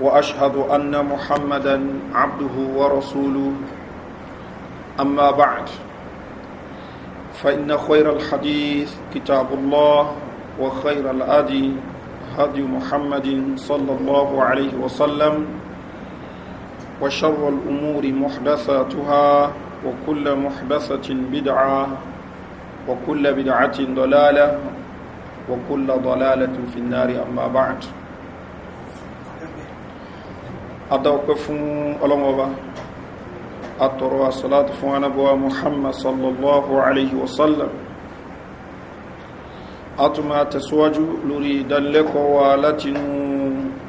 واشهد ان محمدا عبده ورسوله اما بعد فان خير الحديث كتاب الله وخير الادي هدي محمد صلى الله عليه وسلم وشر الامور محدثاتها وكل محدثه بدعه وكل بدعه ضلاله وكل ضلاله في النار اما بعد adáwọ̀pẹ́ fún ọlọ́mọba atọ̀rọ̀ asọ́látù fún anábọ́wà muhammad sallallahu alaihi wasallam atùmá tẹ̀síwájú lórí ìdánilẹ́kọ̀ọ́wà látinú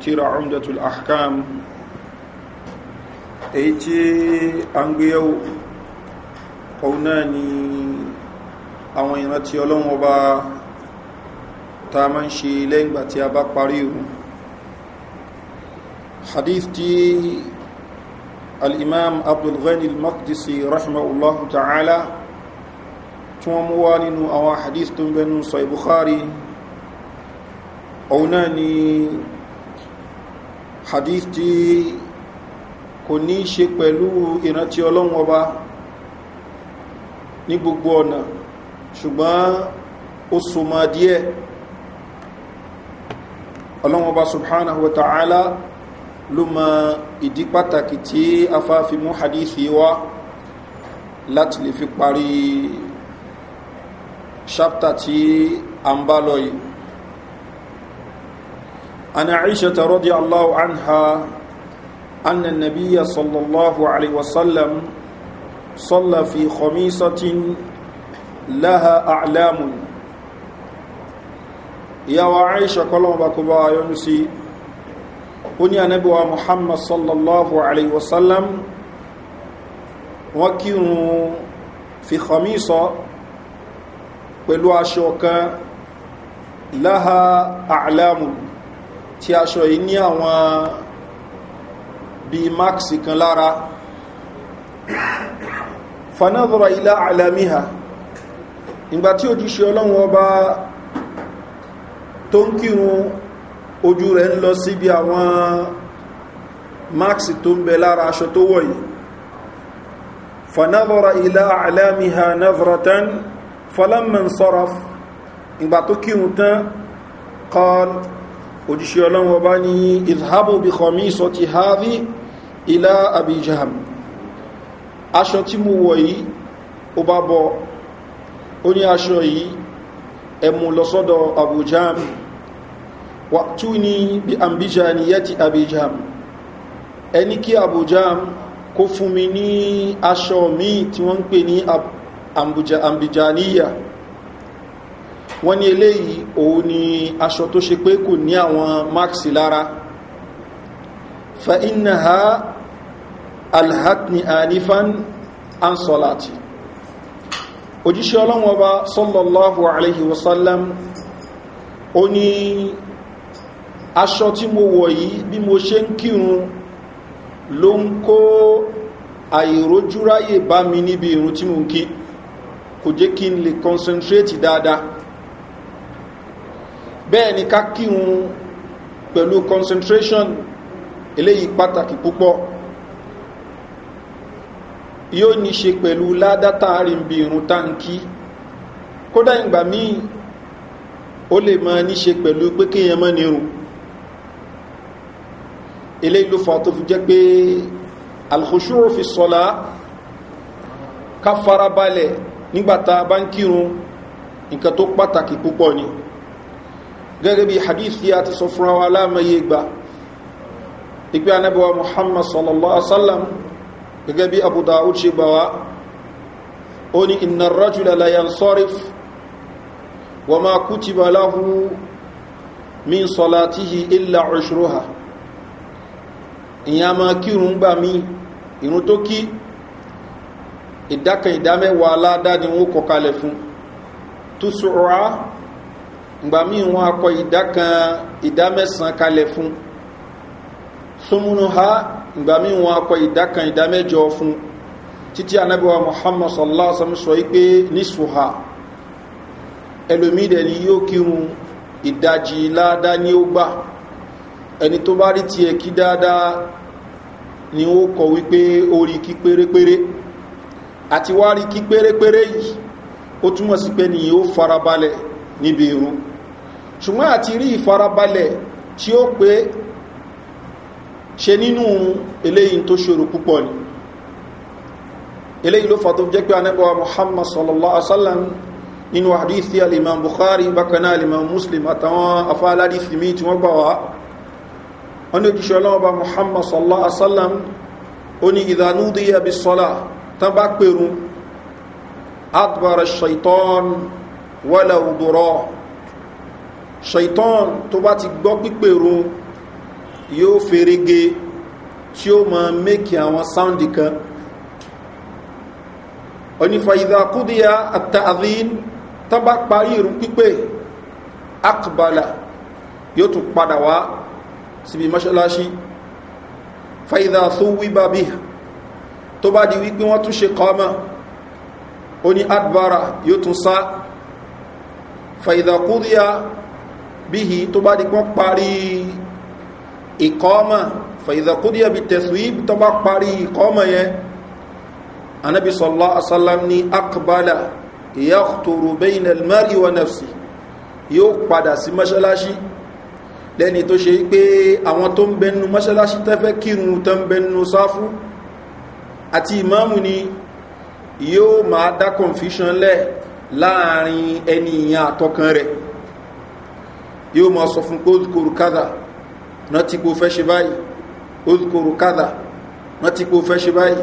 tíra umdatul ahkam èyí tí a ń gbéyàwó òun náà ni àwọn ìrántí ọlọ́mọba ta ma ń ṣe lẹ́yìngbà a bá parí ohun hadith tí al'imam abdulghani al-maqdisi rahimahullahu ta'ala tí wọ́n mú wá nínú àwọn hadith tó ń bẹnu sọ ibukhari ọ̀nà ni hadith tí kò ní ṣe pẹ̀lú ìrántí ọlọ́wọ́ bá ní gbogbo ọ̀nà ṣùgbọ́n ó súnmọ́ díẹ̀ ọlọ́wọ́ bá subhanahu wa ta'ala ló mọ ìdí pàtàkì tí afáfimú hadithi wá láti lè fi parí ṣáptà tí a ń bá lọ yìí عن عائشة رضي الله عنها أن النبي صلى الله عليه وسلم صلى في خميصة لها أعلام يا عائشة كلهم بكبا ينسي ó ní anábíwá muhammad sallallahu alaihi wasallam wọ́n kírun fi kọmísọ pẹ̀lú aṣọ kan láha àlámù tí aṣọ yìí ní àwọn bí máàkì kan lára fanáàbọ̀rọ̀ ilá àlàmíhà ìgbà tí ó jíṣẹ́ ọlọ́run tó ń kírun ojú rẹ̀ ń lọ síbi àwọn máàkì tó ń bẹ lára aṣọ tó wọ̀ yìí fanabara ilá alamiha navratan falamman sọ́rọ̀f ìgbà tó kírun tán kọl òjíṣẹ́ ọlọ́wọ́ bá ní ìzhábò bí kọmí sọ ti háàbí ilá abijam aṣọ tí mo wọ̀ yìí ó bá bọ́ ó ní aṣọ yìí ẹmù lọ sọ́dọ̀ abujam wàtúni bí àmbíjà ni yẹ́ ti abijam ẹni kí abujam kó fún mi ní aṣọ mi tí wọ́n ń pè ní àmbìjàníyà wọ́n ní eléyìí òun ni aṣọ tó ṣe pé kò ní àwọn máàkì lára fa iná ha alhatni anifan ansolati òjíṣẹ́ ọlọ́wọ́ bá sọ́lọ́lọ́wọ́ aleyhi wasallam ó ní aṣọ tí mo wọ̀ yìí bí mo ṣe ń kírun ló ń kó àìrójúráyè bá mi níbi irun tí mo ń kí kò jẹ́ kí n lè concentrate dáadáa bẹ́ẹ̀ ni ká kírun pẹ̀lú concentration eléyìí pàtàkì púpọ̀ yóò ní ṣe pẹ̀lú ládátà àrínbí irun táǹkì kódà ìgbà míì ó lè máa ní ṣe pẹ̀lú pé kéèyàn mọ́ nírun eléyìí ló fa tó fi jẹ́ pé alkhushu fi sọ́la ká farabalẹ̀ nígbàtà bá ń kírun nǹkan tó pàtàkì púpọ̀ ni gẹ́gẹ́ bí hadithi àti sọ fún àwọn aláàmẹ́yẹ gba ìpé anábíwa muhammad sallallahu alaihi wasallam gẹ́gẹ́ bí abu da'ud ṣe gbà wá ó ní iná rajula layan sorif wa ma kú ti balahu min salatihi illa ushruha ìyẹn a máa kírun gbà mí irun tó kí ìdákan ìdámẹ́wàá aládá ni wọ́n kọ kalẹ̀ fún tó sọ̀rọ̀ ìgbà míì wọ́n akọ ìdákan ìdámẹ́sàn kalẹ̀ fún súnmùnú ha ìgbà wọ́n akọ ìdákan ìdámẹ́jọ fún títí anábíwá muhammad sallallahu alaihi wasallam sọ wípé ní sùhà ẹlòmídẹ̀ ni yóò kírun ìdajì ládá ni ó gbà ẹni tó bá rí ti ẹ kí dáadáa ni ó kọ wípé ó rí kí pérépéré àti wá rí kí pérépéré yìí ó túnmọ̀ sí pé ni ó farabalẹ̀ níbi irun ṣùgbọ́n àti rí ìfarabalẹ̀ tí ó pé ṣe nínú eléyìn tó ṣòro púpọ̀ ni eléyìn ló fà tó jẹ́ pé anẹ́bọ̀wà muhammad sallallahu alaihi ala'asallam nínú àdíthí alìmọ̀ bukhari bákanáà alìmọ̀ muslim àtàwọn afáàládìí fìmí tí wọ́n gbà wá wọ́n ní òjíṣẹ́ ọlọ́ọ̀bá muhammad sallallahu alaihi wasallam ó ní ìdánúdí ẹbí sọ́lá tán bá pèrún adbara shaitan wọ́lẹ̀ òdòrọ̀ shaitan tó bá ti gbọ́ pípèrún yóò fèrègé tí ó ma mẹ́kì àwọn sáúndì kan onífà ìdákúdíyà àtàdín tán bá parí ìrún pípè akbala yóò tún padà wá síbi mọ́ṣálásí fàídà tó wíbà bí tó bá di wípé wọ́n tún ṣe kọ́mọ̀ ó ní adbara yóò tún sá fàídà kúríà bíhì tó bá di pọ́n parí ìkọ́mọ̀ fàídà kúríà bí tẹ̀sùí tó bá parí ìkọ́mọ̀ yẹn anabi sallallahu alaihi wa nafsi yóò padà sí mọ́ṣálásí lẹ́ni tó ṣe pé àwọn tó ń bẹnu mọ́ṣálásí tẹ́fẹ́ kírun tó ń bẹnu sáfú àti ìmáàmù ni yóò máa dá confusion lẹ̀ láàrin ẹni ìyàn àtọkàn rẹ̀ yóò máa sọ fún kóòdùkòrò kádà náà tí kò fẹ́ ṣe báyìí kóòdùkòrò kádà náà tí kò fẹ́ ṣe báyìí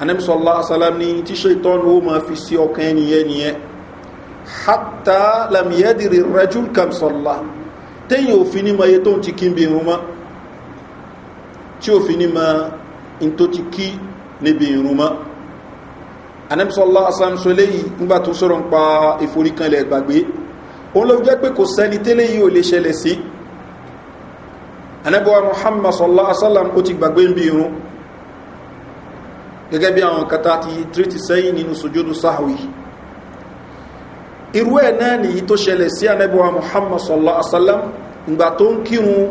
anẹ́mùsọ̀lá asálám ní tíṣe ìtọ́nu ó máa fi sí ọkàn ẹniyẹn nìyẹn hatta lam yadiri rajul téyìn òfin ní mọye tó ń ti kí ń bí irun mọ́ tí òfin ní mọ in tó ti kí níbi irun mọ́ anẹ́bísọ́lá asámsọ léyìí nígbà tó sọ́rọ̀ ń pa ìforíkanlẹ̀ gbàgbé òun ló jẹ́ pé kò sẹ́ni tẹ́lẹ̀ yìí ò lè ṣẹlẹ̀ sí anẹ́bíwá muhammad sọ́lá asálàm ó ti gbàgbé ń bí irun gẹ́gẹ́ bí àwọn kata ti tírítì sẹ́yìn nínú sojódù sáhùí irú ẹ̀ náà nìyí tó ṣẹlẹ̀ sí anẹ́bíwa muhammad sallallahu alaihi wasallam ìgbà tó ń kírun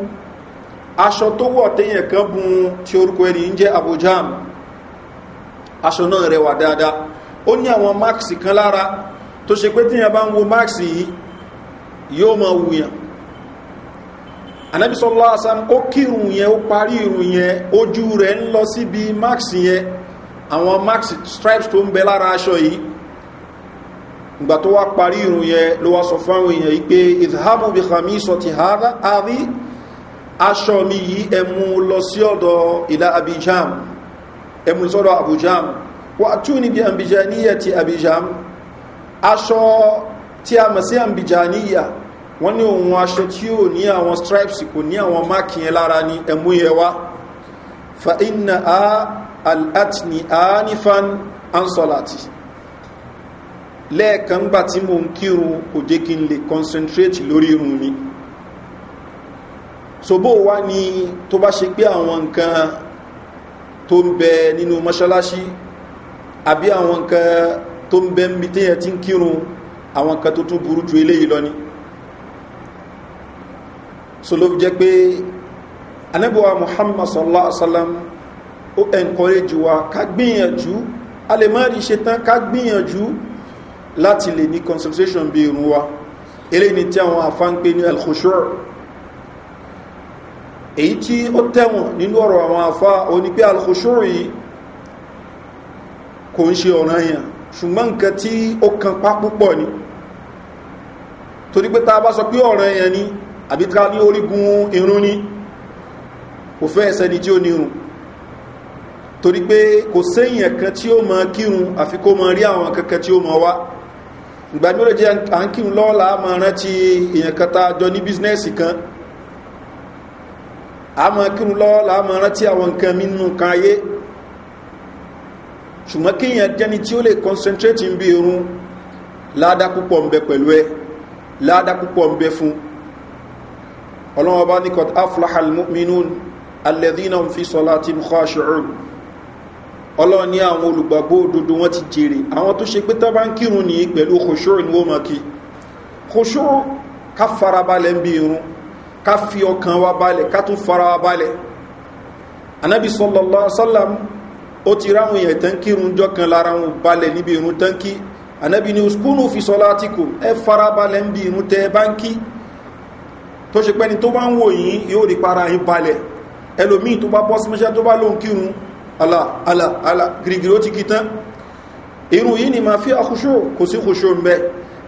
aṣọ tó wọ̀ téèyàn kan bun tí orúkọ ẹni ń jẹ́ abujam aṣọ náà rẹwà dáadáa ó ní àwọn máàkì kan lára tó ṣe pé bá ń wo máàkì yìí yóò máa wùyàn anabi sọlá asan ó kírun yẹn ó parí irun yẹn ojú rẹ̀ ń lọ síbi máàkì stripes tó ń bẹ lára aṣọ ìgbà tó wá parí ìrùn yẹn ló wá sọ fáwọn èèyàn yìí pé ìdhábù bí hàmí sọ ti hárí aṣọ mi yìí ẹmú lọ sí ọ̀dọ̀ ìlà abijam ẹmú sọ́dọ̀ abujam wà tún níbi àbíjaníyà ti abijam aṣọ tí a mọ̀ sí àbíjaníyà wọ́n ní ohun aṣọ tí ó ní àwọn stripes kò ní àwọn máàkì yẹn lára ní ẹmú yẹ wá fa inna a al'atni a nifan an solati lẹ́ẹ̀kan gbà tí mo ń kírun kò jẹ́ kí n lè concentrate lórí irun mi ṣòbó wá ní tó bá ṣe pé àwọn nǹkan tó ń bẹ nínú mọ́ṣálásí àbí àwọn nǹkan tó ń bẹ ń bí téyàn tí ń kírun àwọn nǹkan tó tún burú ju eléyìí lọ ni so ló jẹ́ pé anábọ̀wá muhammad sallallahu alaihi wasallam ó encourage wa ká gbìyànjú a lè má rí ṣe ká gbìyànjú láti lè ní concentration bí irun wa ilé ni tí àwọn àfá ní alkhushur èyí tí ó tẹ́wọ̀n nínú ọ̀rọ̀ àwọn àfá o ní pé alkhushur yìí kò ń ṣe ọ̀ràn yàn ṣùgbọ́n nǹkan tí ó kan pá púpọ̀ ni torí pé ta bá sọ pé ọ̀ràn yàn ni àbí ká ní orígun irun ni kò fẹ́ ẹsẹ́ ni tí ó ní irun torí pé kò séyìn ẹ̀kan tí ó mọ kírun àfikó mọ rí àwọn kankan tí ó mọ wá ìgbàmílò jẹ́ àǹkìm lọ́ọ̀lá ma rántí èyàn kata jọ ní bíznẹ́sì kan a ma kírù lọ́ọ̀lá ma rántí àwọn nǹkan mínú kan ayé ṣùgbọ́n kí èyàn jẹni tí ó lè concentrate ń bí irun láàdá púpọ̀ ń bẹ pẹ̀lú ẹ láàdá púpọ̀ ń bẹ fún ọlọ́wọ́ bá ní kọ̀t aflahal mu'minun alẹ́dínà fi sọ́lá ti mú kọ́ àṣírùn ọlọ́run ní àwọn olùgbàgbó òdodo wọ́n ti jèrè àwọn tó ṣe pé tọ́bá ń kírun ní pẹ̀lú kòṣòrò ní wọ́n mọ̀ kí kòṣòrò ká farabalẹ̀ ń bí irun ká fi ọkàn wa balẹ̀ ká tún farabalẹ̀ anábì sọ́lọ́lọ́sọ́lám ó ti ráhùn yẹ̀ tán kírun jọ kan lára wọn balẹ̀ níbi irun tán kí anábì ní skúnù fi sọ́lá tí kò ẹ farabalẹ̀ ń bí irun tẹ́ bá tó ṣe pẹ́ni tó bá ń wò yín yóò rí para yín balẹ̀ ẹlòmíì tó bá bọ́ sí tó bá lóun kírun ala ala ala gírígírí ó ti kí tán irun yìí ni ma fi àkúṣò kò sí kòṣò ń bẹ́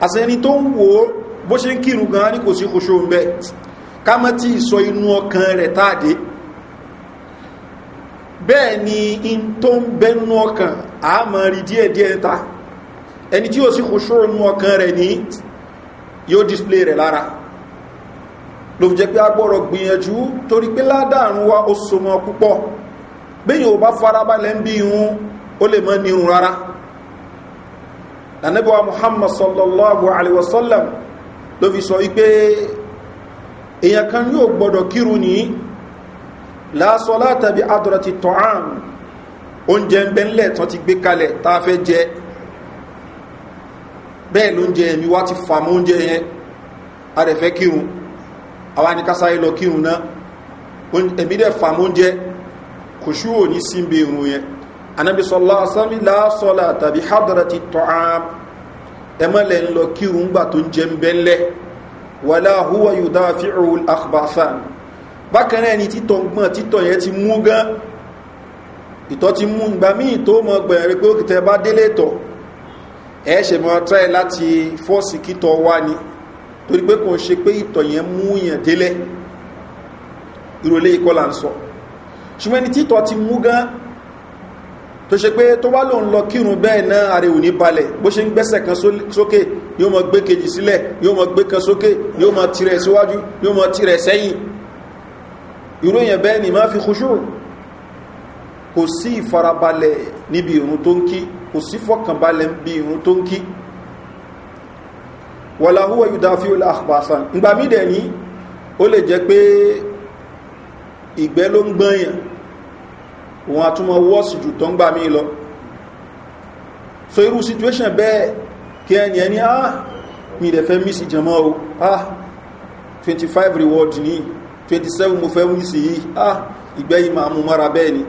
àsẹni tó ń wò ó bó ṣe ń kírun gan ní kò sí kòṣò ń bẹ́ ká mọ́ tí ìsọ inú ọkàn ni in tó ń bẹ́nu ọkàn a mọ̀ rí díẹ̀díẹ̀ ta ẹni tí ó sì kòṣò inú ọkàn rẹ̀ ní yóò display RE LARA ló fi jẹ́ pé agbọ́rọ̀ gbìyànjú torí pé wa ó so mọ́ púpọ̀ bẹ́yìn ò bá farabalẹ̀ ń bí irun ó lè mọ́ ní irun rárá lànàbíwá muhammad sallallahu alaihi wasallam ló fi sọ wípé èyàn kan yóò gbọdọ̀ kírù ní lásọ látàbí adọ́rọ̀ ti tọ́ àm oúnjẹ ń bẹ́ńlẹ̀ tán ti gbé kalẹ̀ tá jẹ bẹ́ẹ̀ ló ń jẹ ẹ̀mí wá ti fàmú oúnjẹ yẹn a rẹ̀ fẹ́ kírun àwa ni lọ kírun náà ẹ̀mí dẹ̀ fàmú oúnjẹ kò ṣú ò ní sí bí irun yẹn anábi sọlá sami lásọlá tàbí hadara ti tọ́ am ẹ mọ́ lẹ́ ń lọ kí òun gbà tó ń jẹ ń bẹ́ńlẹ̀ wàlá huwa yóò dáa fi òun àkùbàfàn bákan náà ni títọ̀ ń gbọ́n títọ̀ yẹn ti mú gan ìtọ́ ti mú ìgbà míì tó mọ gbẹ̀rẹ̀ pé òkìtẹ́ bá délé tọ̀ ẹ̀ ṣe mọ́ tẹ́ẹ̀ láti fọ́ọ̀sì kítọ̀ wá ni torí pé kò ṣe pé ìtọ̀ yẹn mú yẹn délẹ̀ ìrọ̀lẹ́ ìkọlà ń sọ ṣùgbọ́n ẹni títọ́ ti mú gán tó ṣe pé tó bá lòun lọ kírun bẹ́ẹ̀ náà ààrẹ ò ní balẹ̀ bó ṣe ń gbẹ́sẹ̀ kan sókè yóò mọ gbé kejì sílẹ̀ yóò mọ gbé kan sókè yóò mọ tirẹ̀ síwájú yóò mọ tirẹ̀ sẹ́yìn irú èèyàn bẹ́ẹ̀ ni máa fi kúṣù kò sí ìfarabalẹ̀ níbi ìrun tó ń kí kò sí fọkànbalẹ̀ níbi ìrun tó ń kí wọ́láhúwẹ̀ yúdáfíò láàpàá sàn ìgbàmídẹ̀ ní ó lè jẹ́ pé ìgbẹ́ ló ń gbọ́nyàn òun àtúnmọ̀ wọ́sì jù tó ń gbà mí lọ so irú situation bẹ́ẹ̀ kí ẹni ẹni ah mi dẹ̀ fẹ́ mísì jẹmọ́ o ah 25 reward ní 27 mo fẹ́ mísì yìí ah ìgbẹ́ yìí máa mú mọ́ra bẹ́ẹ̀ ni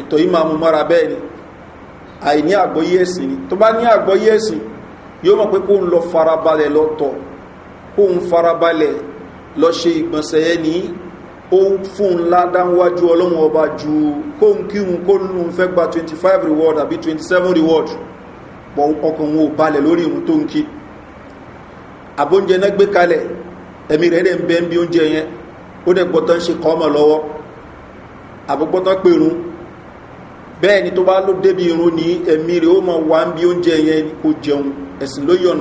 ìtọ̀ yìí máa mú mọ́ra bẹ́ẹ̀ ni àìní àgbọ́yé ẹ̀sìn ni tó bá ní àgbọ́yé ẹ̀sìn yóò mọ̀ pé kó ń lọ farabalẹ̀ lọ tọ̀ kó ń farabalẹ̀ lọ ṣe ìgbọ̀nsẹ̀ yẹn nìyí o ń fún ládáwájú ọlọ́run ọba ju kóhun kíhun kó nínú fẹ́ gba 25 reward àbí 27 reward wọn ò balẹ̀ lórí ìrùn tó ń kí àbóúnjẹ náà gbé kalẹ̀ ẹ̀mí rẹ̀ rẹ̀ ń bẹ́ ń bí oúnjẹ yẹn ó dẹ̀ ṣe kọ́ ọmọ lọ́wọ́ pèrún bẹ́ẹ̀ ni tó bá ló débi irun ní ẹ̀mí rẹ̀ ó wá ń bí oúnjẹ yẹn kó jẹun ẹ̀sìn ló jẹun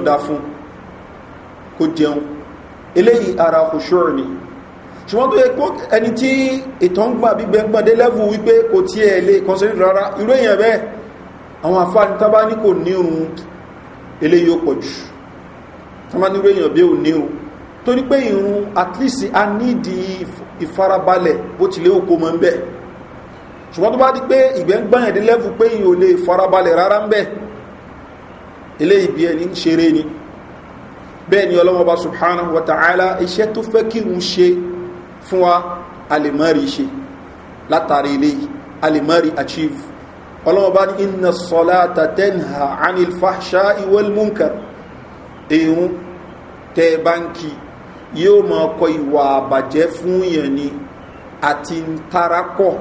eléyìí ara kò ṣùgbọ́n tó yẹ pé ẹni tí ìtàn ń gbà gbígbẹ́ gbọ́dé lẹ́fù wípé kò tí ẹ lè kọnsẹ́rì rárá irú èèyàn bẹ́ẹ̀ àwọn àfáàní tábá ní kò ní irun eléyìí ó pọ̀ jù tábá ní irú èèyàn bí ò ní irun torí pé irun at least a nídi ìfarabalẹ̀ bó ti lé òkó mọ́ di pé ìgbẹ́ ń gbọ́yàn dé lẹ́fù pé ìyìn ò lè farabalẹ̀ rárá ń bẹ̀ eléyìí bí ni bẹ́ẹ̀ ni ọlọ́mọba subhanahu wa ta'ala iṣẹ́ tó fẹ́ kírun ṣe fún wa a lè mọ́ rí ṣe látàrí ilé a lè mọ́ rí achieve ọlọ́mọba ní iná sọlá tàtẹ́nà anilfàṣà ìwẹ́lmúnkà èyún tẹ́ báńkì yóò máa kọ ìwà àbàjẹ́ fún yẹn ni àti ń tarakọ̀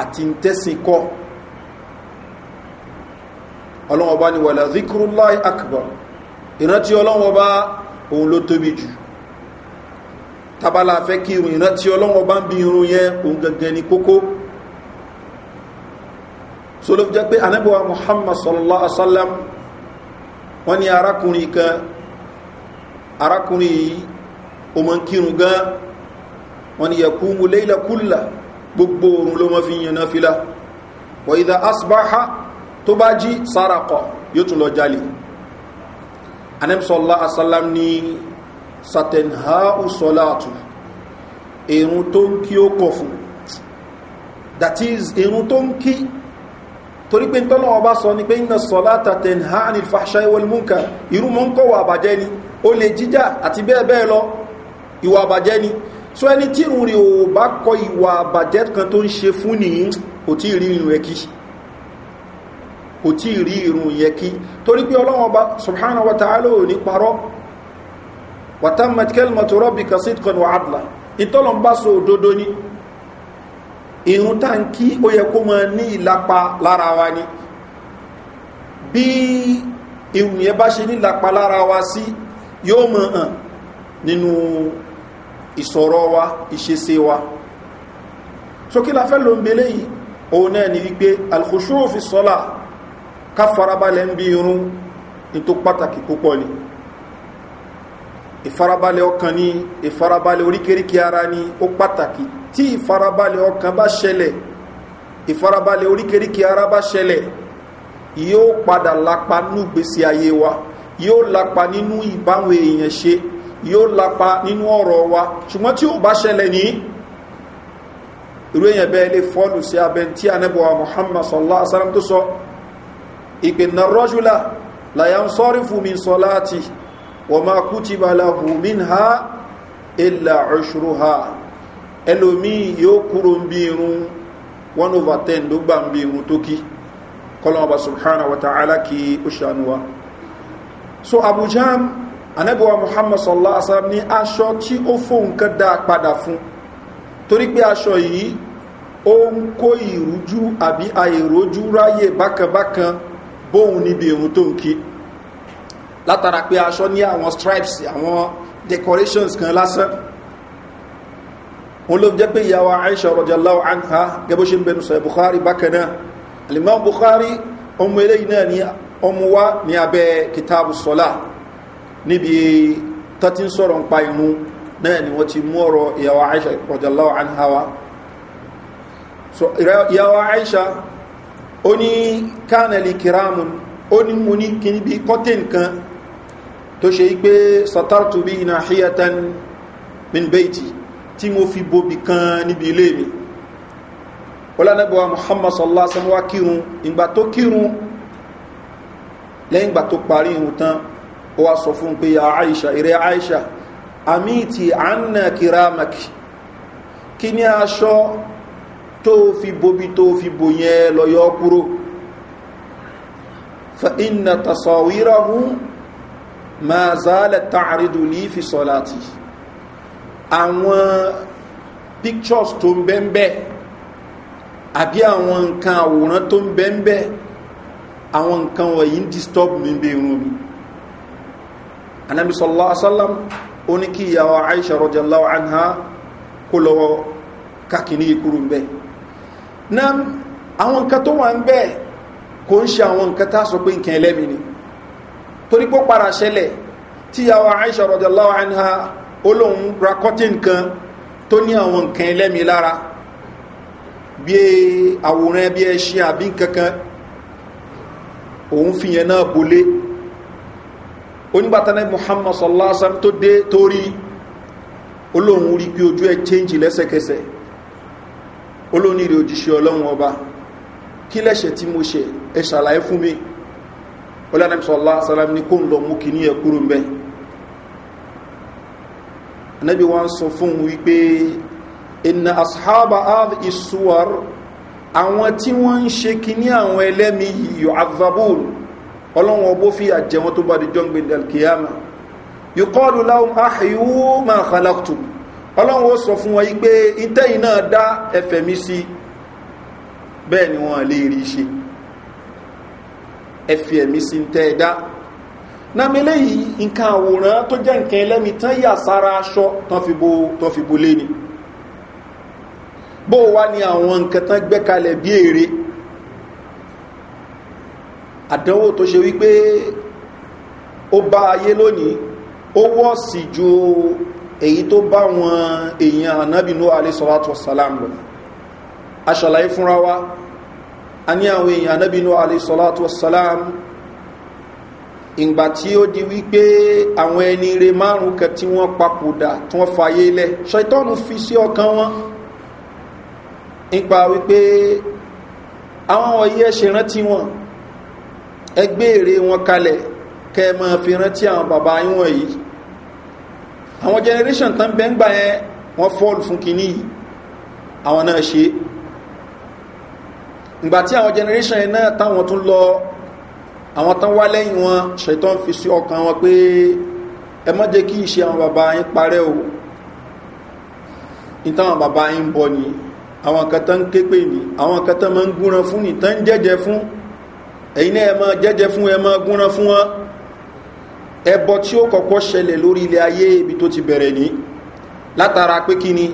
àti ń tẹ́sìnkọ́ ọlọ́mọba ní wàlá zikrúláì akbar ìrántí ọlọ́mọba òun ló tóbi jù tabala fẹ́ kí irun ìran tí ọlọ́wọ́ bá ń bi irun yẹn òun gangan ni kókó so ló jẹ́ pé anábíwá muhammad sallallahu alaihi wasallam wọ́n ní arákùnrin kan arákùnrin yìí o mọ̀ kírun gan wọ́n ní yẹ̀kú mú léìlẹ̀ kúlà gbogbo oorun ló mọ́ fi yẹn náà fila wọ́n ìdá asbáha tó bá jí sárakọ̀ yóò tún lọ jalè anábíwá sallallahu alaihi wasallam ní sàtẹ̀nhá ùsọ́láàtù èrùn tó ń kí ó kọ̀ fún that is èrùn tó ń kí torí pé tọ́nà ọba sọ ní pé iná sọ́láàtà tẹ̀nhá ní fàṣà ìwọlmúnkà irú mọ́ ń kọ̀wà àbàjẹ́ ni ó lè jíjà àti bẹ́ẹ̀ bẹ́ẹ̀ lọ ìwà àbàjẹ́ ni so ẹni tí ìrùn rí ò bá kọ ìwà àbàjẹ́ kan tó ń ṣe fún nìyí kò tí ì irun ẹ̀ kí kò tí irun yẹ kí torí pé ọlọ́wọ́n subhanahu wa ta'ala ò ní parọ́ wàtàmàtí kẹlmọ̀tò rọ́bì kàṣítkọ̀n wà ádùlá ìtọ́lọ̀n bá so òdodo ní ìrún tá ń kí ó yẹ kó mọ ní ìlapa lára wa ni bí ìrùn yẹn bá ṣe ní ìlapa lára wa sí yóò mọ hàn nínú ìsọ̀rọ̀ wa ìṣesẹ wa sókè la fẹ́ ló ń belé yìí òun náà ni wípé alkhushuru fi sọ́lá ká farabalẹ̀ ń bí irun ní tó pàtàkì púpọ̀ ni ìfarabalẹ̀ ọkàn ni ìfarabalẹ̀ oríkèríkè ara ni ó pàtàkì tí ìfarabalẹ̀ ọkàn bá ṣẹlẹ̀ ìfarabalẹ̀ oríkèríkè ara bá ṣẹlẹ̀ yóò padà lapa núgbèsè ayé wa yóò lapa nínú ìbáwọn èèyàn ṣe yóò lapa nínú ọ̀rọ̀ wa ṣùgbọ́n tí ó bá ṣẹlẹ̀ ní irú èèyàn bẹ́ẹ̀ lè fọ́lù sí abẹ́ tí anẹ́bọ̀wà muhammad sallallahu alaihi wasallam tó sọ ìpè náà rọ́júlá làyà ń sọ́rí fún mi sọ láti wọ́n máa kú ti bá láhù mínà ilà ọ̀ṣùrù ha ẹlòmí yóò kúrò ń bí irun 1 over 10 ló gbà ń bí irun tó kí kọlọ̀ọ̀bà subhanahu wa ta'ala kí ó ṣànúwa so abuja anabiwa muhammad sallallahu alaihi ni aṣọ tí ó fóun kan padà fún torí pé aṣọ yìí ó ń kó ìrújú àbí àìrójú ráyè bákanbákan bóun níbi irun tó ń kí látara pé aṣọ ní àwọn stripes àwọn decorations kan lásán wọn ló jẹ́ pé ìyàwó aisha rọjàláwò anha gẹ́bó ṣe ń bẹnu sọ buhari bákaná alimọ́ buhari ọmọ eléyìí náà ni ọmọ wá ní abẹ́ kitabu sọlá níbi tọ́tí ń ń pa inú náà ni wọ́n ti mú ọ̀rọ̀ ìyàwó aisha rọjàláwò anha wa so ìyàwó aisha ó ní kánẹ̀lì kìrámù ó ní mo ní kí ní tó ṣe pé satartu bí iná hiyatan min beiti tí mo fi bobi kan níbi ilé mi ọlọ́nàbọ̀wà muhammad sallallahu alaihi wa kírun ìgbà tó kírun lẹ́yìn ìgbà tó parí ìhun tán ó wá sọ fún pé aisha ìrẹ́ aisha àmìtì àánà kìrámàkì kí ní aṣọ tó fi bobi tó fi bò yẹn lọ́yọ́ kúrò fa inna tasawirahu ma zaala taaridu li fi sọlaati àwọn pictures tó ń bẹ́ńbẹ́ àbí àwọn nǹkan àwòrán tó ń bẹ́ńbẹ́ àwọn nǹkan wọ̀nyí ń disturb mi bí irun mi anabi sallallahu alaihi wasallam ó ní kí aisha rọjàláwà anha kó kakini ikuru ń bẹ́ na àwọn nǹkan tó wà ń bẹ́ kò ń ṣe àwọn nǹkan tá a ni torí pó padà ṣẹlẹ̀ tí yàwó àìṣà rọ̀jọ̀láwà àìníhà olóhun ra kọ́tí nǹkan tó ní àwọn nǹkan ẹlẹ́mi lára bí àwòrán bí ẹṣin àbí nǹkankan òun fi yẹn náà bolé onígbàtánà muhammad sallásán tó dé torí olóhun rí pé ojú ẹ change lẹ́sẹkẹsẹ olóhun rí òjíṣẹ́ ọlọ́run ọba kí lẹ́ṣẹ̀ tí mo ṣe ẹ ṣàlàyé fún mi ọlá nàbí sọlá sálám ní kó ń lọ mú kìíní ẹ kúrò ń bẹ nàbí wọn sọ fún wípé ìnà ashaba av isuwar àwọn tí wọ́n ń ṣe kìíní àwọn ẹlẹ́mi yìí azabul ọlọ́wọ́n bó fi àjẹwọn tó bá di jọ́ngbé dalkiyama yìí kọ́ọ̀lù láwọn àhìwú ẹ fi ẹ̀mí sí ń tẹ́ ẹ dá náà nǹkan àwòrán tó jẹ́ nǹkan ẹlẹ́mi tán yà sára aṣọ tán fi bo tán lé ni bó wá ní àwọn nǹkan tán gbẹ́kalẹ̀ bí èrè àdánwò tó ṣe wípé ó bá ayé lónìí ó wọ́ọ̀sì ju èyí tó bá wọn èèyàn ànábìnú alẹ́sọ̀rọ̀ àtọ̀sálàm lọ aṣàlàyé fúnra wa a ní àwọn èèyàn anábìnú alaihissalatu wassalam ìgbà tí ó di wípé àwọn ẹni re márùn kan tí wọ́n papòdà tí wọ́n fàyé lẹ̀ ṣaitọ́nù fi sí ọkàn wọn nípa wípé àwọn wọ̀nyí ẹ̀ṣẹ̀ rántí wọn ẹgbẹ́ wọn kalẹ̀ kẹmọ̀ fi rántí àwọn bàbá yíwọ̀n yìí àwọn generation tán bẹ́ngbà yẹn wọ́n fọ́ọ̀lù fún kìíní àwọn náà ṣe é ìgbà tí àwọn generation ẹ̀ náà táwọn tún lọ àwọn tán wá lẹ́yìn wọn ṣètọ́n fi sí ọkàn wọn pé ẹ mọ́ jẹ́ kí ìṣe àwọn bàbá yín parẹ́ o ìtàwọn bàbá yín ń bọ ni àwọn kan tán ń ké pè ní àwọn kan tán ń gúnran fún ní tán jẹ́jẹ́ fún ẹ̀yin náà ẹ máa jẹ́jẹ́ fún ẹ máa gúnran fún wọn ẹbọ tí ó kọ̀kọ́ ṣẹlẹ̀ lórí ilẹ̀ ayé ibi tó ti bẹ̀rẹ̀ ní látara pé kí ni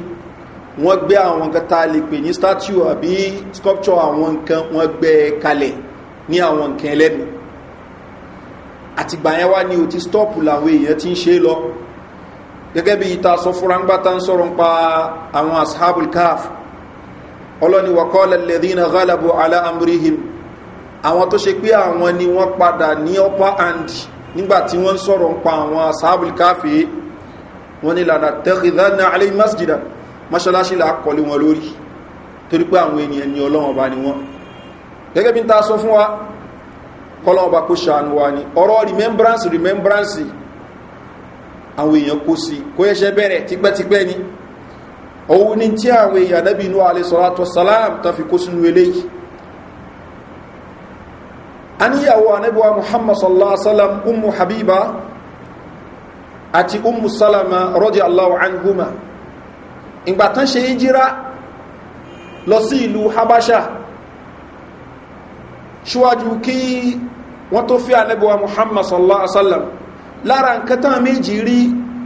wọ́n gbé àwọn nǹkan tá a lè pè ní statue àbí sculpture àwọn nǹkan wọ́n gbé kalẹ̀ ní àwọn nǹkan ẹlẹ́nu àtìgbà yẹn wá ní o ti stọ́ọ̀pù làwọn èèyàn ti ń ṣe lọ gẹ́gẹ́ bí ìta sọ fúnra ń gbátá ń sọ̀rọ̀ ń pa àwọn ashabul kaf ọlọ́ni wàkọ́lẹ̀ lẹ́dínà gálàbò aláàmúríhìm àwọn tó ṣe pé àwọn ni wọ́n padà ní upper hand nígbàtí wọ́n sọ̀rọ̀ ń pa àwọn ashabul kaf wọ́n ni lànà tẹ́gìdánà alẹ́ masjidah mọ́ṣáláṣí là kọlé wọn lórí torí pé àwọn ènìyàn ni ọlọ́wọ́n bá ni wọ́n gẹ́gẹ́ bí n ta sọ fún wa kọ́lọ́wọ́n bá kó ṣàánú wa ni ọ̀rọ̀ remembrance remembrance àwọn èèyàn kó sí kó yẹ́ṣẹ́ bẹ̀rẹ̀ tipẹ́tipẹ́ ni òun ni tí àwọn èèyàn nẹ́bí inú alẹ́sọ̀rọ̀ salam tán fi kó ìgbà tán ṣe ìjírá lọ sí ìlú habasha ṣíwájú kí wọ́n tó fi ànẹ́bọ̀wà muhammad sallallahu alaihi wasallam lára nǹkan tán méjì rí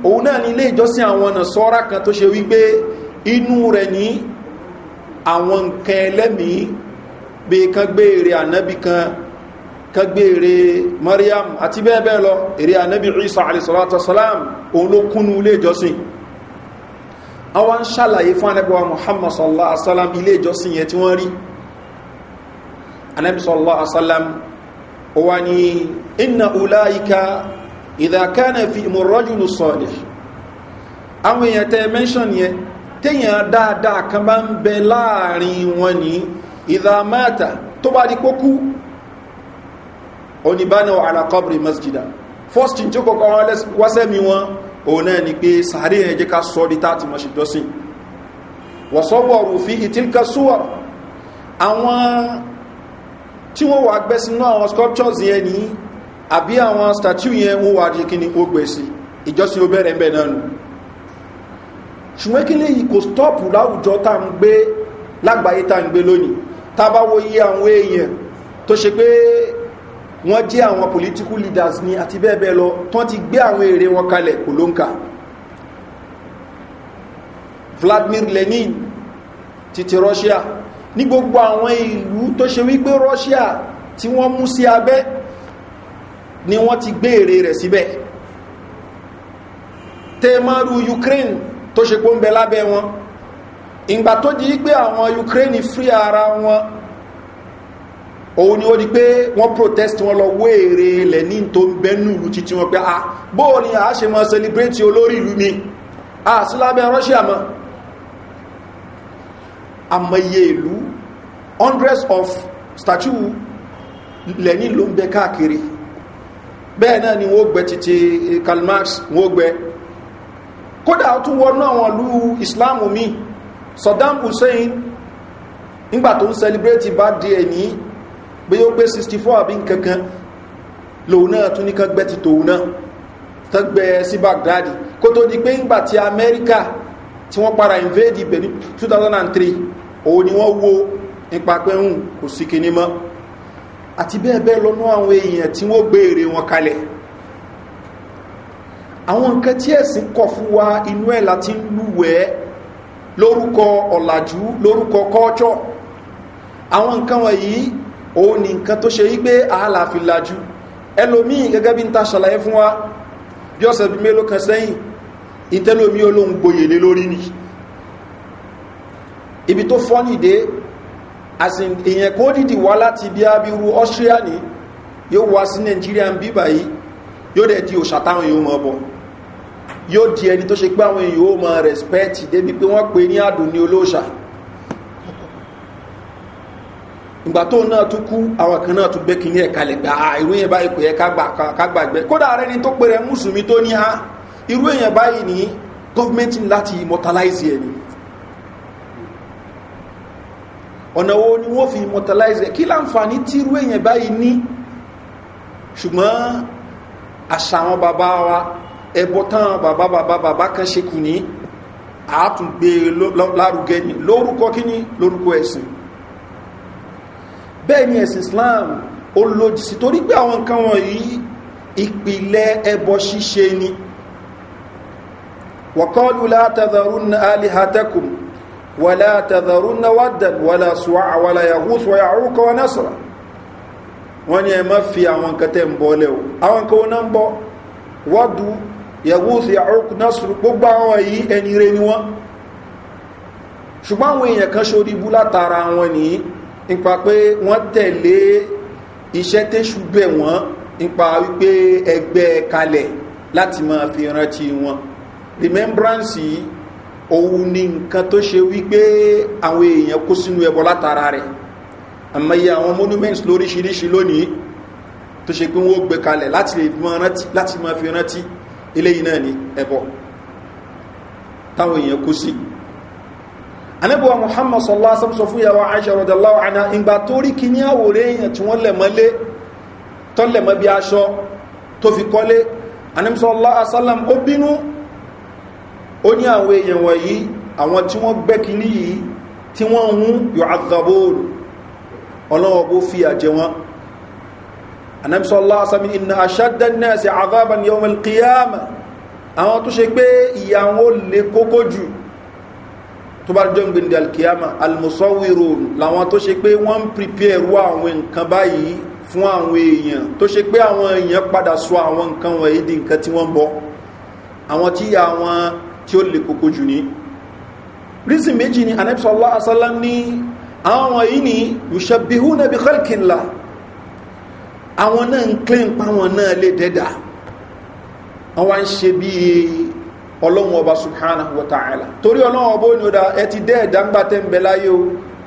òun náà ní ilé ìjọsìn àwọn ọ̀nà sọ́ra kan tó ṣe wípé inú rẹ̀ ní àwọn nǹkan ẹlẹ́mìí bí kan gbé ànábì kan kan gbé mariam àti bẹ́ẹ̀ bẹ́ẹ̀ lọ èrè ànábì isa alaihi salatu wasalam òun ló kúnnú ilé ìjọsìn àwọn ń ṣàlàyé fún anẹ́bíwa muhammad sallallahu alaihi wasallam ilé ìjọsìn yẹn tí wọ́n rí anẹ́bí sallallahu alaihi wasallam ó wá ní iná ulaika ìdàkánà fi ìmọ̀rọ́jùlù sọ̀lẹ̀ àwọn èèyàn tẹ́ mẹ́ṣọ̀n yẹn téèyàn dáadáa kan bá ń bẹ láàrin wọn ní ìdàmáta tó bá di pókú oníbánà àlàkọ́bìrì masjida first tí ó kọ́kọ́ wọ́n wáṣẹ́ wọn òun náà ni pé sàárè yẹn jẹ́ ká sọ ọ́ di tá a ti mọ̀ ṣe jọ́sìn wọ̀sọ́wọ́ òfin ìtìlkà súwọ̀ àwọn tí wọ́n wà gbẹ́ sínú àwọn sculptures yẹn ní àbí àwọn statue yẹn wọ́n wà jẹ́ kí ni ó gbẹ̀ sí ìjọsìn ó bẹ̀rẹ̀ bẹ̀ náà nù ṣùgbọ́n kí lè yìí kò stọ́ọ̀pù láwùjọ tá ń gbé lágbàáyé tá ń gbé lónìí tá bá wo iye àwọn èèyàn tó ṣe pé wọ́n jẹ́ àwọn political leaders ni àti bẹ́ẹ̀bẹ́ẹ̀ lọ tán ti gbé àwọn èrè wọn kalẹ̀ kò ló ń ka vladimir lenin titi russia ní gbogbo àwọn ìlú tó ṣe wípé russia tí wọ́n mú sí abẹ́ ni wọ́n ti gbé èrè rẹ̀ síbẹ̀ tẹ́ẹ̀mọ́rú ukraine tó ṣe pọ́ ń bẹ lábẹ́ wọn ìgbà tó di pé àwọn ukraine free ara wọn òun ni ó di pé wọ́n protest wọn lọ wéèrè ilẹ̀ ní tó ń bẹ́nu ìlú títí wọn pé ah bóò ni a ṣe mọ́ celebrate olórí ìlú mi ah sí lábẹ́ russia mọ́ àmọye ìlú hundreds of statue ilẹ̀ ní ló ń bẹ káàkiri bẹ́ẹ̀ náà ni wọ́n gbẹ títí karl marx wọ́n gbẹ kódà ó tún wọnú àwọn ìlú islam mi saddam hussein nígbà tó ń celebrate bá di ẹ̀ ní bí yóò gbé 64 àbí nkankan lòun náà tún ní kan gbẹ́ ti tòun náà tán gbẹ́ sí baghdad kó tó di pé ńgbà ti amẹ́ríkà tí wọ́n para invade ibẹ̀ 2003 òun ni wọ́n wo nípa pé ń kò sí kinní mọ́ àti bẹ́ẹ̀ bẹ́ẹ̀ lọ́nà àwọn èèyàn tí wọ́n gbé èrè wọn kalẹ̀ àwọn nǹkan tí ẹ̀sìn kọ̀ fún wa inú ẹ̀ láti ń lúwẹ̀ẹ́ lórúkọ ọ̀làjú lórúkọ kọ́ọ́jọ́ àwọn nǹkan wọ̀nyí òun ni nǹkan tó ṣe wípé àhálà fi lajú ẹlòmíì gẹ́gẹ́ bí n ta ṣàlàyé fún wa bí ọ̀sẹ̀ bí mélòó kan sẹ́yìn ìtẹ́lómi olóhun gboyè lé lórí ni ibi tó fọ́nì dé àsìn èèyàn kó dìdì wá láti bí abiru austria ni yóò wá sí nigeria ń bíbà yìí yóò dẹ̀ di òṣà táwọn èèyàn mọ́ bọ̀ yóò di ẹni tó ṣe pé àwọn èèyàn ó mọ respect débi pé wọ́n pe ní àdùn ní olóòṣà ìgbà tó náà tún kú àwọn kan náà tún gbé kí ní ẹ̀ka lè gbà á ah, irú yẹn báyìí kò yẹ ká gbàgbẹ́ kódà rẹ ni tó pe rẹ mùsùlùmí tó ní á ah, irú èèyàn báyìí ní gọ́ọ̀mẹ́ntì láti immortalize ẹni ọ̀nà wo ni wọ́n fi immortalize kí láǹfààní tí irú èèyàn báyìí ní ṣùgbọ́n àṣà àwọn bàbá wa ẹbọ tán bàbá bàbá bàbá kan ṣe kù ní àátùgbé lárugẹ ní lórúkọ kíní lórúkọ ẹ̀sìn bẹ́ẹ̀ ni ẹ̀sìn islam ó lòdì sí torí pé àwọn nǹkan wọ̀nyí ìpìlẹ̀ ẹbọ ṣíṣe ni wọ́kọ́lù látàzàrún alihatakùn wàlá tàzàrún wádàn wàlá suwa àwàlá yahoo suwa yahoo kọ́ násàrà wọ́n ni ẹ má fi àwọn ṣùgbọ́n àwọn èèyàn kan ṣorí bú látara wọn nìyí nípa pé wọ́n tẹ̀lé iṣẹ́ tẹ́ṣù bẹ̀ wọ́n nípa wípé ẹgbẹ́ kalẹ̀ láti máa fi rántí wọn remembrance òun ni nǹkan tó ṣe wípé àwọn èèyàn kó sínú ẹbọ látara rẹ̀ àmọ́ iye àwọn monuments lóríṣiríṣi lónìí tó ṣe pé wọ́n gbé kalẹ̀ láti máa fi rántí eléyìí náà ni ẹbọ táwọn èèyàn kó sí anábíwá muhammad sallá sọ fún yàwó aṣọ rọ̀dọ̀láwà àná ìgbà tó rí kí ní àwòrẹ́ èèyàn tí wọ́n lẹ̀mọ́lé tọ́lẹ̀mọ́ bí aṣọ tó fi kọ́lé anábísọ́lá asálàm ó bínú ó ní àwọn èèyàn wọ̀nyí àwọn tí wọ́n gbẹ́kìní yìí tí wọ́n ń yọ àgbàbóòlù ọlọ́wọ́ bó fi àjẹ wọn anábísọ́lá asálàm iná aṣáda náà sí àgbàbàn yọmọlì kìyàmà àwọn tó ṣe pé ìyàwó lè kókó jù tó bá jọ ń gbé ní alkiyama almusawiru làwọn tó ṣe pé wọ́n ń prepare wá àwọn nǹkan báyìí fún àwọn èèyàn tó ṣe pé àwọn èèyàn padà sọ àwọn nǹkan wọ̀nyí di nǹkan tí wọ́n bọ́ àwọn tí ya wọn tí ó lè kókó jù ní rísì méjì ni anẹ́bísọ́lá asálá ní àwọn wọ̀nyí ni yùṣàbíhú nàbí kọ́lìkìnlá àwọn náà ń kílẹ̀ ń pa wọn náà lè dẹ́dà wọ́n ń ṣe bíi ọlọ́run ọba subhanahu wa ta'ala torí ọlọ́run ọba ó ní ó dá ẹ ti dẹ́ ẹ̀dá ń gbà tẹ́ ń bẹ láyé o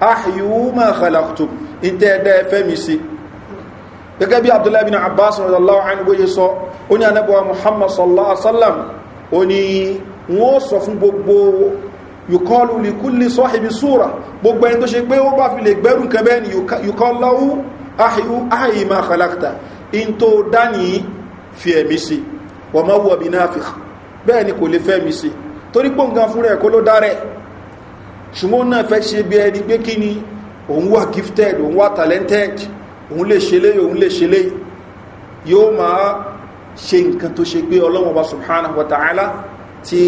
ahyuu ma khalaqtum inte ẹ̀dá ẹ fẹ́ mi sí gẹ́gẹ́ bí abdullahi bin abbas radallahu anhu bóyá sọ ó ní anábọ̀wá muhammad sallallahu alaihi wasallam ó ní wọ́n sọ fún gbogbo yùkọ́lù lìkúlì náà fi bẹ́ẹ̀ ni kò lè fẹ́ mi sí torí pò nǹkan fún rẹ̀ kó ló dárẹ̀ ṣùgbọ́n náà fẹ́ ṣe bí ẹni pé kí ni òun wà gifted òun wà talented òun lè ṣe lé òun lè ṣe lé yóò máa ṣe nǹkan tó ṣe pé ọlọ́wọ́n bá subhanahu wa ta'ala tí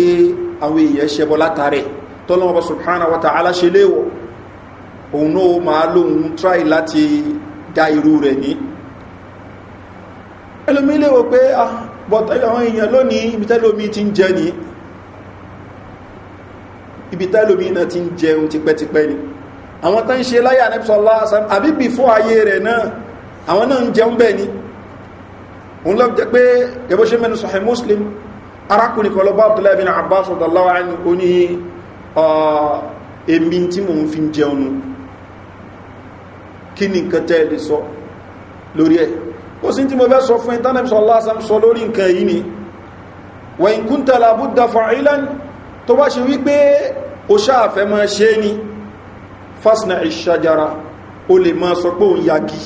àwọn èèyàn ṣẹbọ látàrẹ̀ tọ́lọ́wọ́n bá subhanahu wa ta'ala ṣe léwọ̀ òun náà máa try láti dá irú rẹ̀ ní ẹlòmílẹ̀ wọ pé ah but àwọn èèyàn lónìí ibitẹ́lómi ti ń jẹ ní ibitẹ́lómi náà ti ń jẹun tipẹ́tipẹ́ ni àwọn tán ṣe láyà nẹ́bísọ́lá àbí bìfọ́ ayé rẹ̀ náà àwọn náà ń jẹun bẹ́ẹ̀ ni òun lọ jẹ́ pé ẹbọ́ ṣe mẹ́nu sọ̀hẹ́ muslim arákùnrin kan lọ́bá abdullahi abbas ọ̀dọ̀láwà oní èmi tí mò ń fi jẹun kí ni nǹkan tẹ́ẹ̀lẹ̀ sọ lórí ẹ̀ kò sí tí mo fẹ́ sọ fún ìtànàbí sọlásán sọ lórí nǹkan yìí ni wà ń kúntà làbúdà fa'ilan tó bá ṣe wípé o ṣáàfẹ́ máa ṣe ni fásnà ìṣàjára o lè máa sọ pé òun yagi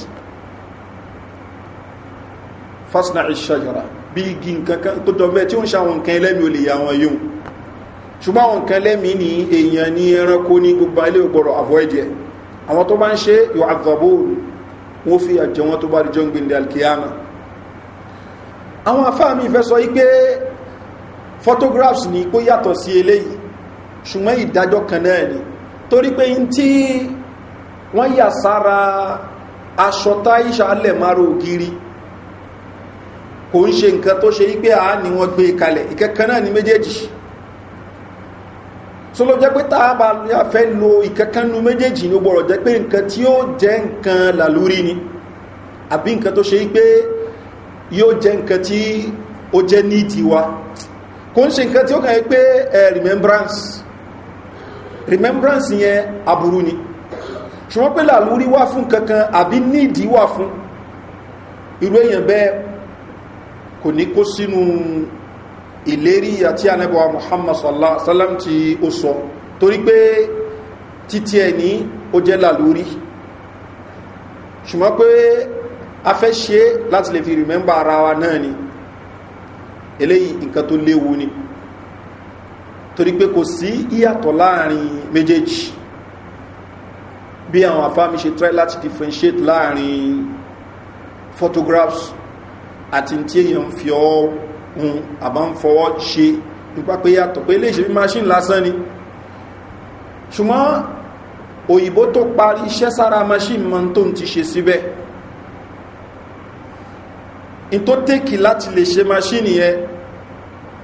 fásnà ìṣàjára bí igi nǹkan tó dọ̀bẹ́ tí ó ń ṣàwọn nǹkan ẹlẹ́mì o lè yà wọn yóò ṣùgbọ́n àwọn nǹkan ẹlẹ́mì ni èèyàn ní ẹranko ní gbogbo ilé ògbọ̀rọ̀ àvọ́ ẹ̀dẹ̀ àwọn tó bá ń ṣe yóò àgbàbóòrùn wọ́n fi àjẹ́ wọn tó bá rí john gbendé alkiyama àwọn afáàmì ìfẹ́ sọ wípé photographs ní kó yàtọ̀ sí eléyìí ṣùgbọ́n ìdájọ́ kan náà ni torí pé n tí wọ́n yà sára aṣọ táìṣà alẹ̀ márùn ògiri kò ń ṣe nǹkan tó ṣe wípé àá ni wọ́n gbé kalẹ̀ ìkẹ́kẹ́ náà ni méjèèjì so ló jẹ́ pé tá a bá fẹ́ lo ìkankannu méjèèjì ló gbọ́rọ̀ jẹ́ pé nǹkan tí ó jẹ́ nǹkan làlúrí ni àbí nǹkan tó ṣe pé yóò jẹ́ nǹkan tí ó jẹ́ ní ìtiwa kò ń ṣe nǹkan tí ó kàn pé remembrance remembrance yẹn aburú ni ṣùgbọ́n pé làlúrí wà fún kankan àbí nídìí wà fún irú èèyàn bẹ́ẹ̀ kò ní kó sínú ìlérí àti anẹ́bọ̀wà muhammad sallallahu alaihi wasallam ti ó sọ torí pé títí ẹ̀ ní ó jẹ́ lálórí ṣùgbọ́n pé a fẹ́ ṣe láti lè fi rìmẹ́mbà ara wa náà ni eléyìí nǹkan tó léwu ni torí pé kò sí ìyàtọ̀ láàrin méjèèjì bí àwọn àfáàmì ṣe try láti differentiate láàrin photographs àti tí èèyàn fi ọ́ hun àbá ń fọwọ́ ṣe nípa pé yàtọ̀ pé lè ṣe bí machine lásán ni ṣùgbọ́n òyìnbó tó parí iṣẹ́ sára machine mọ́ tó ń ti ṣe síbẹ̀ in tó tèkì láti lè ṣe machine yẹn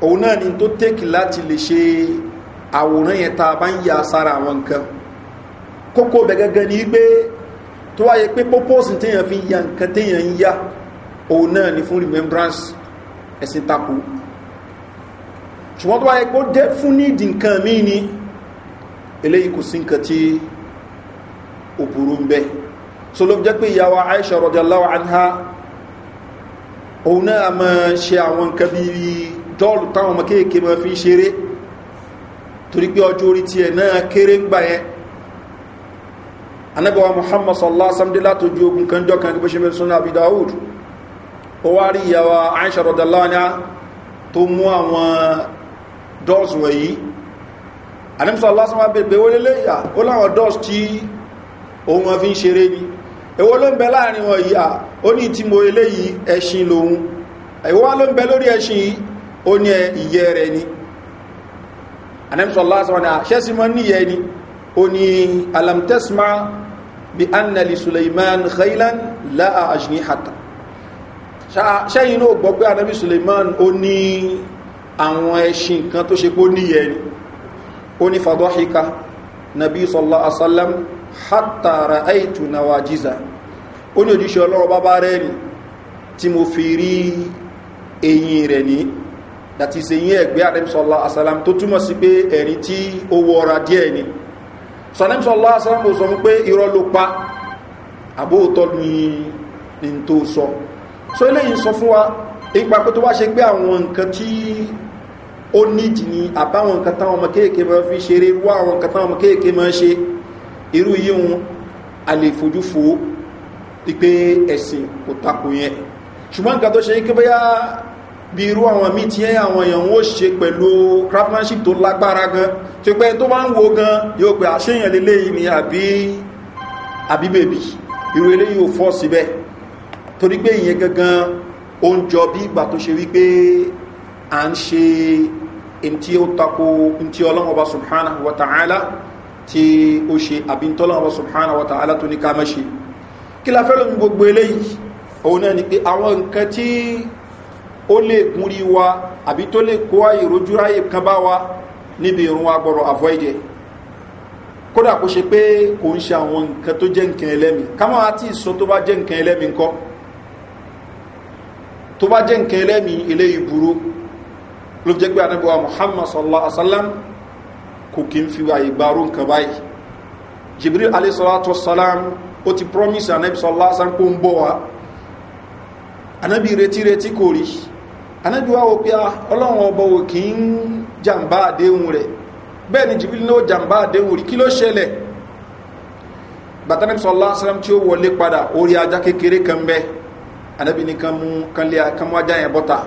òun náà ni tó tèkì láti lè ṣe àwòrán yẹn ta bá ń ya sára àwọn nǹkan kókó bẹ̀ gẹ́gẹ́ ni pé tó wáyé pé purpose téèyàn fi ya nǹkan téèyàn ń ya òun náà ni fún remembrance ẹ̀sìn tako ṣùgbọ́n tó wáyé kó dé fún ní ìdí nǹkan míì ni eléyìí kò sí nǹkan tí ó burú ń bẹ́ so ló jẹ́ pé ìyàwó aisha rọ̀jọ̀láwà anha òun náà a máa ṣe àwọn nǹkan bí dọ́ọ̀lù táwọn ọmọ kéèké máa fi ṣeré torí pé ọjọ́ orí tiẹ̀ náà kéré ń gbà yẹn anábẹ́wà muhammad sallallahu alaihi wasallam dé ogun kan jọ kan kí bó ṣe mẹ́rin sọ́nà àbídáwùd ó wá rí ìyàwó aisha rọ̀dàláwọ́nyá tó mú àwọn dọ́ọ̀sì wọ̀nyí ànímsọ̀ lásán wá bèèrè ó lélé ìyà ó láwọn dọ́ọ̀sì tí òun wọn fi ń ṣeré ni èwo ló ń bẹ láàrin wọn yìí à ó ní tí mo eléyìí ẹṣin lòun èwo wá ló ń bẹ lórí ẹṣin yìí ó ní ìyẹ rẹ ni ànímsọ̀ lásán wọn mọ́ níyẹ ni ó ní alamtesma bi annali suleiman khailan la'a ajnihata ṣẹ́yìn náà gbọ́ pé anábì suleiman ó ní àwọn ẹṣin kan tó ṣe pó níyẹ ni ó ní fàdọ́híká nàbí sọ́lá asálẹ́m hátàrà àìtù náwà jíza ó ní òjíṣẹ́ ọlọ́rọ̀ bábá rẹ̀ ni tí mo fi rí eyín rẹ̀ ní dàti sèyìn ẹ̀gbẹ́ anábì sọ́lá asálẹ́m tó túmọ̀ sí pé ẹ̀rí tí ó wọra díẹ̀ so eléyìí sọ fún wa ipa pé tó wá ṣe pé àwọn nǹkan tí ó nídìí ni àbáwọn nǹkan táwọn ọmọ kéèké máa fi ṣeré irú àwọn nǹkan táwọn ọmọ kéèké máa ṣe irú yíhun a lè fojú fo pé ẹ̀sìn kò tako yẹn ṣùgbọ́n nǹkan tó ṣe yí pé bí irú àwọn míì tí àwọn èèyàn ó ṣe pẹ̀lú craftsmanship tó lágbára gan tí pé tó máa ń wo gan yóò pé àṣeyàn lélẹ́yìn ni àbí àbí irú eléyìí ò fọ́ síbẹ̀ torí pé ìyẹn gangan ó ń jọ bí ìgbà tó ṣe wípé à ń ṣe ntí ó tako ntí ọlọ́wọ́ bá subhanahu wa ta'ala tí ó ṣe àbí ntọ́lọ́wọ́ bá wa ta'ala tó ní ká má ṣe kí la fẹ́ lómi gbogbo eléyìí òun náà ni pé àwọn nǹkan wa àbí wa níbi ìrún wa gbọ́rọ̀ avoid ẹ̀ kódà kó ṣe pé kò ń ṣe àwọn nǹkan tó jẹ́ nǹkan ẹlẹ́mì káwọn àti ìsọ tó bá jẹ́ nǹkan ẹlẹ́mì ńkọ́ tó bá jẹ́ nǹkan ẹlẹ́mì ilé ìbúrú ló jẹ́ pé anábíwá muhammad sallallahu alaihi wasallam kò kí ń fi àyè gbárù nǹkan báyìí jibril alayhisalatu wasalam ó ti promise anábí sallallahu alaihi wasallam kó ń bọ̀ wá anábí retí retí kò rí anábíwá wo pé ah, ọlọ́run ọba wò kí ń jàǹbá àdéhùn rẹ̀ bẹ́ẹ̀ ni jibril náà jàǹbá àdéhùn rí kí ló ṣẹlẹ̀ bàtánẹ́bí sallallahu alaihi wasallam tí ó wọlé padà orí ajá kékeré kan bẹ́ẹ̀ anabi ni kan mú kan mú bota.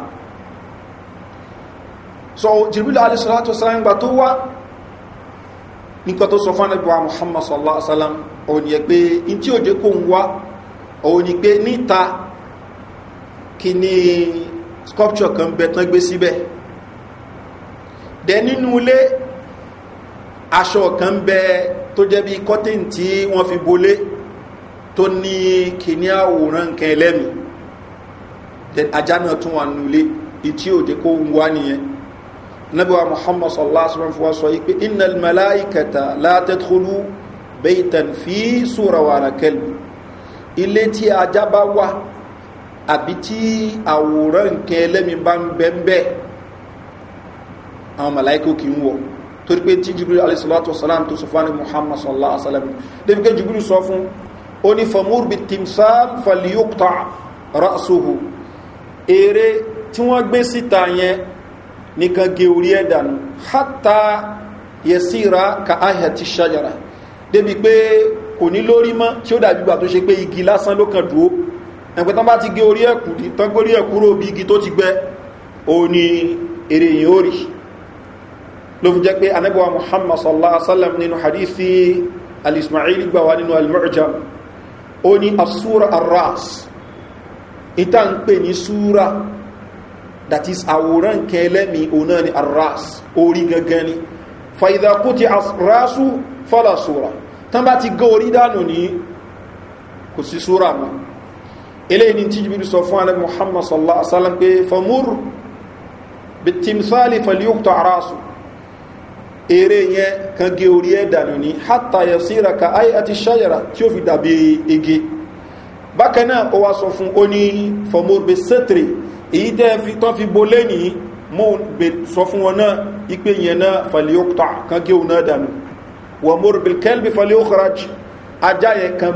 so jibril alisalatu salam gba tó wá nípa tó sọ fún anabi muhammad sallallahu alaihi wasallam òun yẹ pé in tí òjò kò ń wá òun ni pé níta kí ni sculpture kan bẹ tán gbé síbẹ̀ dẹ nínú ilé aṣọ kan bẹ tó jẹ́ bí cotton tí wọ́n fi bolé tó ní kìíní àwòrán nǹkan ẹlẹ́mìí then ajá náà tún wà nulé ìtí òde kó ń wá nìyẹn nabiwa muhammad sallallahu alaihi wasallam fún wa sọ yìí pé iná malaikata látẹ̀tulú bẹ́ẹ̀tàn fi súra wà rákẹ́lù ilé tí ajá bá wà àbí tí àwòrán nǹkan ẹlẹ́mi bá ń bẹ́ẹ̀ àwọn malaika kì í wọ̀ torí pé tí jibril alayhisalatu wasalam tó sọ muhammad sallallahu alaihi wasallam débi pé jibril sọ fún ó famur bi timsal faliyokta ere tí wọ́n gbé síta yẹn nìkan gé orí ẹ̀ dànù hátà ra ka ahẹ̀ ti ṣàyàrá débi pé kò ní lórí mọ́ tí ó dàbí gbà tó ṣe pé igi lásán ló kàn dúró ẹ̀pẹ́ tán bá ti gé orí tán gbórí bí igi tó ti gbẹ òun ni èrè yìí ó rí ló fi jẹ́ pé muhammad sallallahu alaihi wasallam nínú hadithi al gbà wá nínú ìta ń pè ní súra that is àwòrán kẹlẹ́mì ọ̀nà ni arras orí gangan ni fàìdàkútì arásù fọ́lá súra tán bá ti gọ́ orí dánù ní kò sí súra mọ́ eléyìn ní tíjìbìrì sọ fún alẹ́ muhammad sallallahu alaihi pé famur bitimsali falyukta arásù eré yẹn kan gé orí ẹ̀ dànù ní hátayẹ̀ síra ka ayé àti ṣayẹ̀ra tí ó fi dàbí ege bákan náà ó wá sọ fún ó ní fọmọ́rùbẹ̀ sẹ́tìrì èyí tẹ́ fi tán fi bolé ní mọ́ sọ fún wọn náà ipé yẹn náà fàlíọ́kùtà kan gé òun náà dànù wọ́n mọ́rùbẹ̀ kẹ́lbì fàlíọ́kùrájì ajá yẹn kan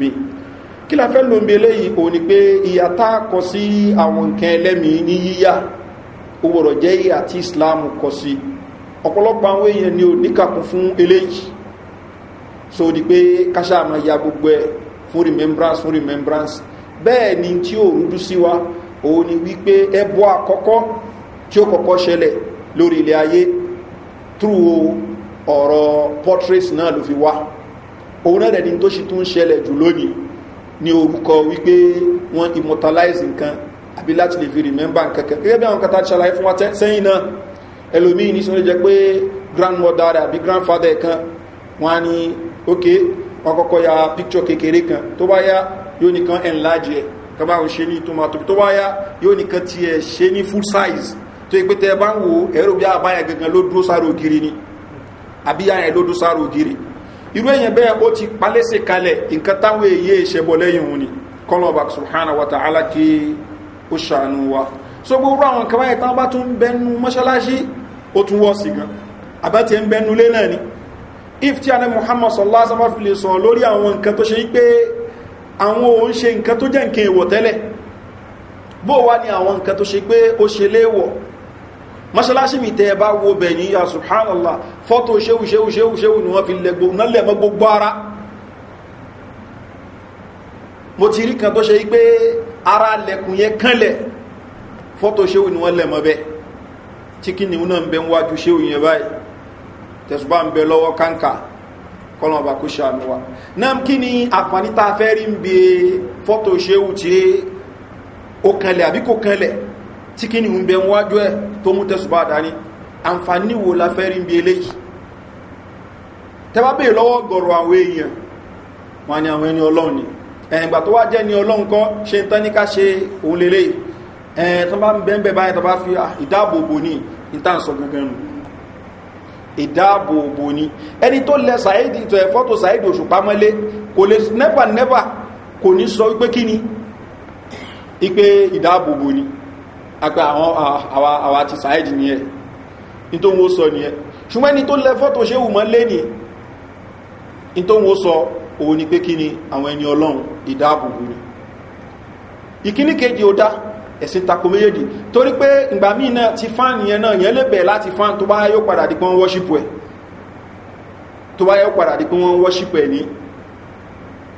mi kí la fẹ́ lóun bí eléyìí òun ni pé ìyàtá kọ sí islam kọ sí ọ̀pọ̀lọpọ̀ àwọn èèyàn ni ò níkàkùn fún eléyìí so di pé káṣá àmà ya gbogbo ẹ̀ fún remembrance fún remembrance bẹ́ẹ̀ ni tí ó rúdú sí wa òun ni wípé ẹbọ àkọ́kọ́ tí ó kọ́kọ́ ṣẹlẹ̀ lórí ilẹ̀ ayé through ọ̀rọ̀ portrait náà ló fi wá òun náà dẹ̀ni tó ṣe tún ṣẹlẹ̀ jù lónìí ní orúkọ wípé wọ́n immortalize nǹkan àbí láti lè fi remember nǹkan kan gẹ́gẹ́ bí àwọn kata ṣàlàyé fún wa sẹ́yìn náà ẹlòmíì ní sọ́rọ̀ jẹ́ pé grandmother rẹ̀ àbí grandfather kan wọ́n á ok wọ́n kọ́kọ́ ya picture kékeré kan tó bá yá yóò nìkan enlarge ẹ̀ kọba ò ṣe ní tomato tó bá yá yóò nìkan ti ẹ̀ ṣe ní full size tó yẹ pé tẹ́ bá ń wo ẹ̀rọ bí àbáyà gangan ló dúró sára ògiri ni àbí yá ẹ̀ ló dúró sára ògiri irú èyàn bẹ́ẹ̀ ó ti palẹ́sẹ̀ kalẹ̀ nǹkan táwọn èyí ìṣẹ́bọ̀ lẹ́yìn òun ni kọ́lọ̀ subhanahu wa ta'ala kí ó ṣàánú wa so gbogbo àwọn kan báyìí tán bá tún ń bẹnu mọ́ṣáláṣí ó tún wọ́ sí gan àbẹ́tì ń bẹnu lé náà ni if tí a ní muhammad sallallahu alaihi wasallam fi lè sọ lórí àwọn nǹkan tó ṣe pé àwọn òun ṣe nǹkan tó jẹ́ nǹkan èèwọ̀ tẹ́lẹ̀ bó wá ní àwọn nǹkan tó ṣe pé ó ṣe léèwọ̀ mọ́ṣáláṣí mi tẹ́ bá wo bẹ̀ ní ya subhanallah fọ́tò ṣéwù ni wọ́n fi lẹ̀ mọ́ gbogbo ara mo ti rí kan tó ṣe pé ara lẹ̀kùn yẹn kánlẹ̀ fọ́tò ṣéwù ni wọ́n lẹ̀ mọ́ bẹ́ẹ̀ tí kí ni wọ́n náà ń bẹ wájú ṣéwù yẹn báyìí tẹ̀sùbá ń bẹ lọ́wọ́ káńkà kọ́lọ̀ ọba kó ṣàánú wa náà kí ni àǹfààní tá a fẹ́ rí ń bi fọ́tò ṣéwù tí ó kanlẹ̀ àbí kò kanlẹ̀ tí ni wọ́n bẹ wájú ẹ̀ tó mú tẹ̀sùbá dání àǹfààní wo la fẹ́ rí ń bi eléyìí tẹ́bá bèè lọ́wọ́ gọ̀rọ̀ àwọn èèyàn wọn ni àwọn ẹni ọlọ́run ni ẹ̀yìngbà tó wá jẹ́ ni ọlọ́run kọ́ ṣe ń tán ní ká ṣe òun lélẹ́yìí ẹ̀ tó bá ń bẹ́ẹ̀ báyìí tó bá fi ah, ìdáàbòbò ní ìtànsọ gangan nù ìdáàbòbò ní ẹni tó lẹ sàídì tó ẹ̀fọ́ tó sàídì oṣù pamọ́lé kò lè nẹ́bà nẹ́bà kò ní sọ wípé kí ni ipe ìdáàbòbò ní àpẹ àwọn àwa ti sàídì ní ẹ nítorí wọn sọ ní ẹ ṣùgbọ́n ẹni tó lẹ fọ́tò ṣe wù mọ́ ní nítorí wọn sọ òun ni pé kí ni àwọn ẹni ọlọ́run ìdáàbòbò ní ìkíníkejì ó dá ẹ̀sìn tako méjèèjì torí pé ìgbà míì náà ti fáànì yẹn náà yẹn lè bẹ̀ láti fáàn tó bá yóò padà di pé wọ́n wọ́ṣípù ẹ̀ tó bá yóò padà di pé wọ́n wọ́ṣípù ẹ̀ ní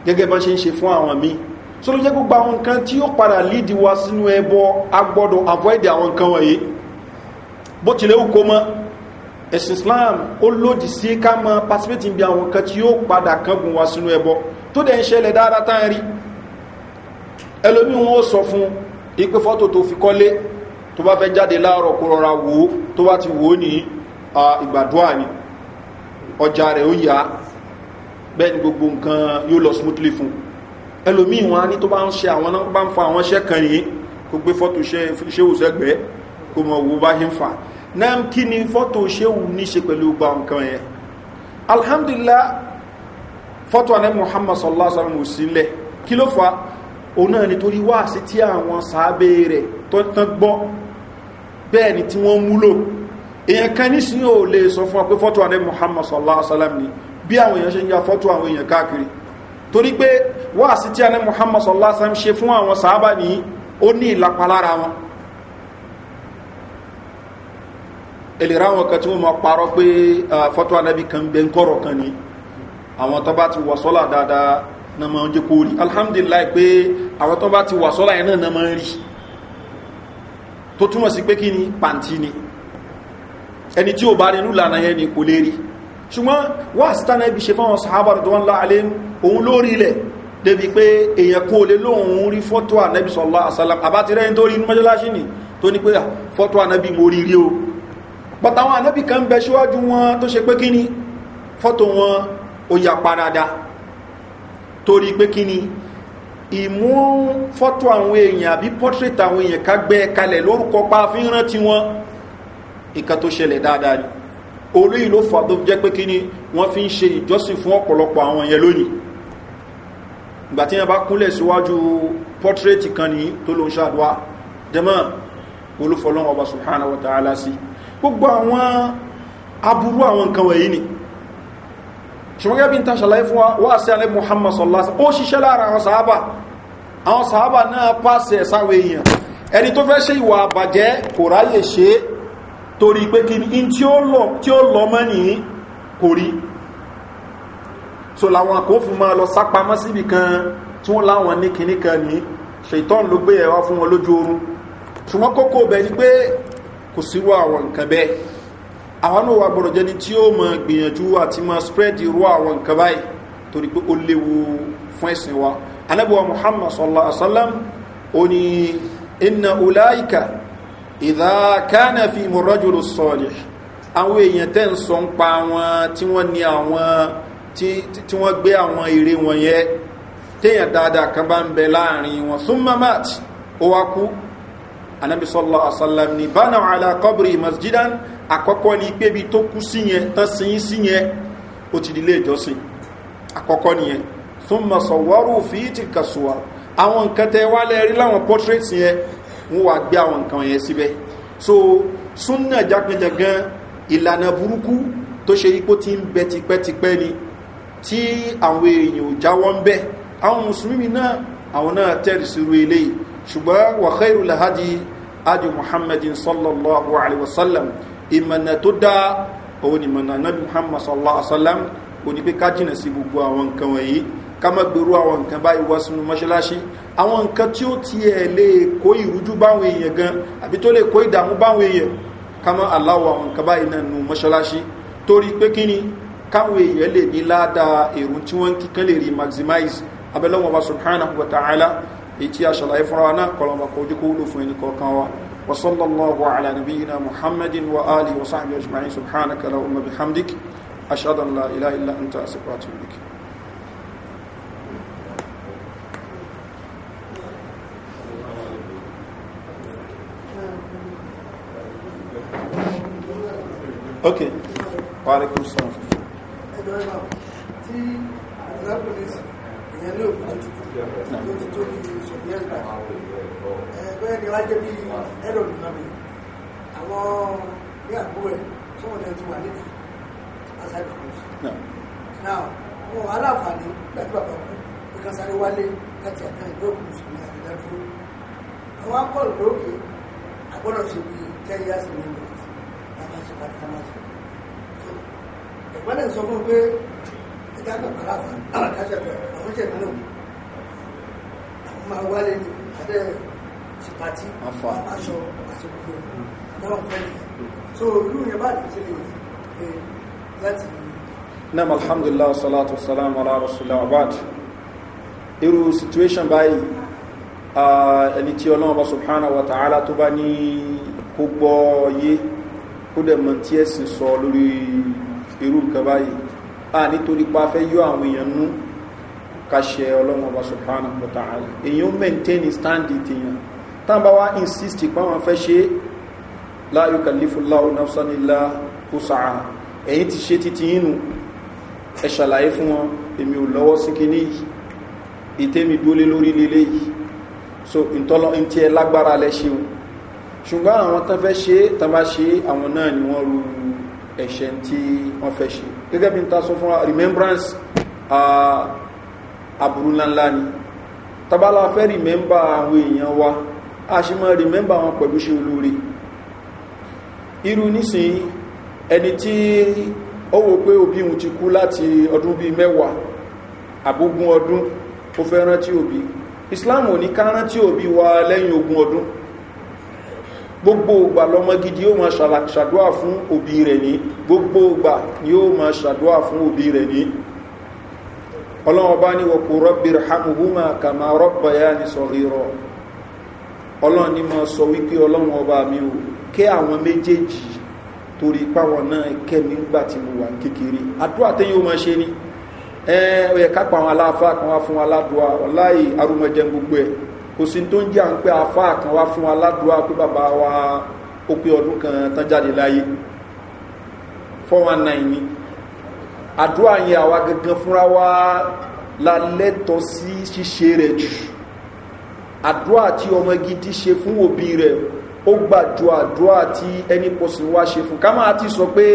gẹ́gẹ́ bọ́n ṣe ń ṣe fún àwọn míì so ló jẹ́ gbogbo àwọn nǹkan tí ó padà lídi wa sínú ẹbọ agbọ́dọ̀ avoid àwọn nǹkan wọ̀nyí bó tilẹ̀ ó kó mọ́ ẹ̀sìn islam ó lòdì sí ká mọ́ participate bí àwọn nǹkan tí ó padà kángun wa sínú ẹbọ tó dẹ̀ ń ṣẹlẹ̀ dáadáa tán rí ẹlòmí ó sọ fún un ipe fọ́tò tó fi kọ́lé tó bá fẹ́ jáde láàrọ̀ kó rọra wò ó tó bá ti wò ní ìgbàdúrà ni ọjà rẹ̀ ó yá bẹ́ẹ̀ ni gbogbo nǹkan yóò lọ smoothly fún ẹlòmíì wọn á ní tó bá ń ṣe àwọn bá ń fa àwọn iṣẹ́ kan yìí kó gbé fọ́tò ṣéwù sẹ́gbẹ̀ẹ́ kó mọ̀ wò bá ṣe ń fà náà kí ni fọ́tò ṣéwù ní ṣe pẹ̀lú gba nǹkan yẹn alhamdulillah fọ́tò anẹ́ muhammad sallallahu alaihi wa sallam ò sílẹ̀ kí ló fà òun náà nítorí wá sí tí àwọn sàábé rẹ̀ tọ́tán gbọ́ bẹ́ẹ̀ ni tí wọ́n múlò èyàn kan nísìnyí ò lè sọ fún apé fọ́tò àrẹ muhammad sallallahu alaihi wasallam ni bí àwọn èyàn ṣe ń ya fọ́tò àwọn èyàn káàkiri torí pé wá sí tí àrẹ muhammad sallallahu alaihi wasallam ṣe fún àwọn sàábà ní ó ní ìlapa lára wọn èlèrè àwọn kan tí wọ́n mọ parọ́ pé fọ́tò àrẹ kan bẹ́ńkọ́rọ̀ na ma ń jẹ́ kó rí alhamdulillah pé àwọn tó bá ti wà sọ́lá yẹn náà na ma ń rí tó túnmọ̀ sí pé kí ni pàǹtí ni ẹni tí ó bá rí lúlànà yẹn ni kò lè rí ṣùgbọ́n wà sítánà ibi ṣe fáwọn sàábà tó wọ́n láàlẹ́ òun lórí ilẹ̀ débi pé èèyàn kó lè lóhun rí fọ́tò ànẹ́bí sọ́lá àsálà àbátirẹ́ ń tó rí mọ́jọ́láṣí ni tó ní pé fọ́tò ànẹ́bí mo rí rí o pàtàwọn ànẹ́bí kan bẹ síwájú wọn tó ṣe pé kí ni fọ́tò wọn ó yà torí pé kí ni ìmú fọ́tò àwọn èèyàn àbí portrait àwọn èèyàn ká gbẹ kalẹ̀ lórúkọ pa fi ń rántí wọn nǹkan tó ṣẹlẹ̀ dáadáa ni olóyìn ló fà tó jẹ́ pé kí ni wọ́n fi ń ṣe ìjọsìn fún ọ̀pọ̀lọpọ̀ àwọn yẹn lónìí ìgbà tí wọ́n bá kúnlẹ̀ síwájú portrait kan ní tó ló ń ṣàdúrà dẹ́mọ́ olúfọlọ́wọ́ ọba subhanahu wa ta'ala sí gbogbo àwọn aburú àwọn nǹkan wọ̀nyí ni ṣùgbọ́n gẹ́gẹ́ bí n ta ṣàlàyé fún wa wá sí alẹ́ muhammad sallásán ó ṣiṣẹ́ lára àwọn sàábà àwọn sàábà náà pàṣẹ sáwọ èèyàn ẹni tó fẹ́ ṣe ìwà àbàjẹ́ kò ráyè ṣe torí pé kí ní tí ó lọ mọ́ nìyí kò rí so làwọn àkófin máa lọ sápamọ́ síbi kan tí wọ́n láwọn ní kinní kan ní ṣètọ́n ló gbé ẹ̀wá fún wọn lójú oorun ṣùgbọ́n kókó bẹ̀ ni pé kò sírú àwọn nǹkan bẹ́ẹ̀ àwọn náà wà gbọ́dọ̀ jẹ́ni tí ó mọ̀ gbìyànjú àti mọ̀ spread irú àwọn nǹkan báyìí torí pé ó léwu fún ẹ̀sìn wa anábíwa muhammad sallallahu alaihi wasallam ó ní iná ulaika ìdákaná fi mọ̀rọ́jùlù sọ̀lẹ̀ àwọn èèyàn tẹ́ ń sọ ń pa wọn tí wọ́n ní àwọn tí wọ́n gbé àwọn èrè wọn yẹ téèyàn dáadáa kan bá ń bẹ láàrin wọn súnmọ́ mat ó wá kú anábí sallallahu alaihi wasallam ní bánà alákọ́bìrì masjidan àkọ́kọ́ ni pé ibi tó kú sí yẹn tán sí yín sí yẹn ó ti di ilé ìjọsìn àkọ́kọ́ nìyẹn tún mọ̀ sọ̀wọ́rù fi ti kàṣùwà àwọn nǹkan tẹ wá lẹ́rí láwọn portrait yẹn wọ́n wá gbé àwọn nǹkan yẹn síbẹ̀ so súnà jákèjàgan ìlànà burúkú tó ṣe ipò ti ń bẹ tipẹ́tipẹ́ ni tí àwọn èèyàn ò jáwọ́ ń bẹ́ àwọn mùsùlùmí náà àwọn náà tẹ̀rì sírú eléyìí ṣùgbọ́n wàhálà ìrùlẹ̀ hadi adi muhammadin sallallahu alaihi wasallam ìmọ̀nà tó dáa òun ìmọ̀nà nabi muhammad sallallahu alaihi wasallam òní pé ká jìnà sí gbogbo àwọn nǹkan wọ̀nyí ká má gbèrú àwọn nǹkan báyìí wá sínú mọ́ṣáláṣí àwọn nǹkan tí ó ti ẹ̀ lè kó ìrújú báwọn èèyàn gan àbí tó lè kó ìdààmú báwọn èèyàn ká má aláwọ̀ àwọn nǹkan báyìí náà nù mọ́ṣáláṣí torí pé kí ni káwọn èèyàn lè ní ládàá èrò tí wọ́n kíkan lè rí maximize abẹ́lẹ́wọ̀n wa subhanahu wa ta'ala èyí tí a ṣàlàyé fúnra wa náà kọlọ̀mọ̀kọ́ ojú kó ẹnì kọ̀ọ̀kan wa وصلى الله على نبينا محمد وآله وصحبه أجمعين سبحانك اللهم بحمدك أشهد أن لا إله إلا أنت أستغفرك تي إليك ok waaleykum salaam. ẹgbẹ́ ni wájú bí ẹ̀rọ ní family àwọn ní àbúrò ẹ̀ sọ́wọ́n ẹ̀ ti wà nídìí outside the house. now wọn wà láǹfààní pẹ̀lú bàbá kú nǹkan sáré wálé láti ẹ̀ka ìdókòwò mùsùlùmí àrídájú àwọn akọ́lù lókè agbọ́dọ̀ ṣe bí ten years in england láti ṣe pàtàkì tamati ẹ̀gbọ́n náà sọ fún un pé ìdájọ́ pẹ̀lú àfààní alákàṣẹ́ pẹ̀lú àwọn ìṣẹ̀lẹ̀ náà máa wálé ní abẹ́ tìpátí aṣọ àti gbogbo dáwọn fẹ́ so ìlú yẹn bá lè ṣe lè láti nam alhamdulillah salatu salam ala rasulullah abad irú situation báyìí ẹni tí ọlọ́run bá subhanahu wa ta'ala tó bá ní kó gbọ́ yé kó dẹ̀ mọ̀ tí ẹ̀sìn sọ lórí irú nǹkan báyìí a nítorí pa fẹ́ yọ àwọn èèyàn nú kàṣẹ ọlọ́mọba subhanahu wa ta'ala èyí ó maintain stand it èyàn tánbà wá insist pa wọn fẹ́ ṣe láyò kàlífùlá onáfsánilá kùsàá èyí ti ṣe títí inú ẹ ṣàlàyé fún wọn èmi ò lọ́wọ́ sí kí ní ìtẹ́mi dúólé lórí lélé yìí so ìtọ́lọ́ in ti ẹ lágbára lẹ ṣe o ṣùgbọ́n àwọn tán fẹ́ ṣe tánbà ṣe àwọn náà ni wọ́n ru ẹ̀ṣẹ̀ tí wọ́n fẹ́ ṣe gẹ́gẹ́ bí n ta sọ fún wa remembrance uh, aburú ńláńlá ni tabala fẹ́ rìmẹ́mbà àwọn èèyàn wa a ṣe mọ́ rìmẹ́mbà wọn pẹ̀lú ṣe olóore irú nísìn ẹni tí ó wò pé òbí òun ti kú láti ọdún bíi mẹ́wàá àbógún ọdún ó fẹ́ rántí òbí islam ò ní ká rántí òbí wa lẹ́yìn ogún ọdún gbogbo ògbà lọmọ gidi yóò máa ṣàdúà fún òbí rẹ̀ ní gbogbo ògbà ni yóò máa ṣàdúà fún òbí rẹ̀ ní ọlọ́wọ́ bá ní wọ̀pù rọ́bì rahamuhuma kàmà rọ́bà yá ní sọ ìrọ̀ ọlọ́run ni máa sọ wípé ọlọ́run ọba mi ò kẹ́ àwọn méjèèjì torí páwọn náà kẹ́ mi ńgbà tí mo wà kékeré àdúrà tẹ́yìn ó ṣe ni ẹ ẹ kápá àwọn aláfa kan wá fún aládùá ọláyè arúmọjẹ gbogbo ẹ kò sí tó ń jẹ́ à ń pẹ́ afá kan wá fún aládùá pé bàbá wa ó pé ọdún kan tán jáde láyé 419 àdúrà yẹn àwa gangan fúnra wa la lẹ́tọ̀ sí ṣíṣe rẹ̀ jù àdúrà tí ọmọ gidi ṣe fún òbí rẹ̀ ó gbà ju àdúrà tí ẹni pọ̀sùn wá ṣe fún ká máa ti sọ pé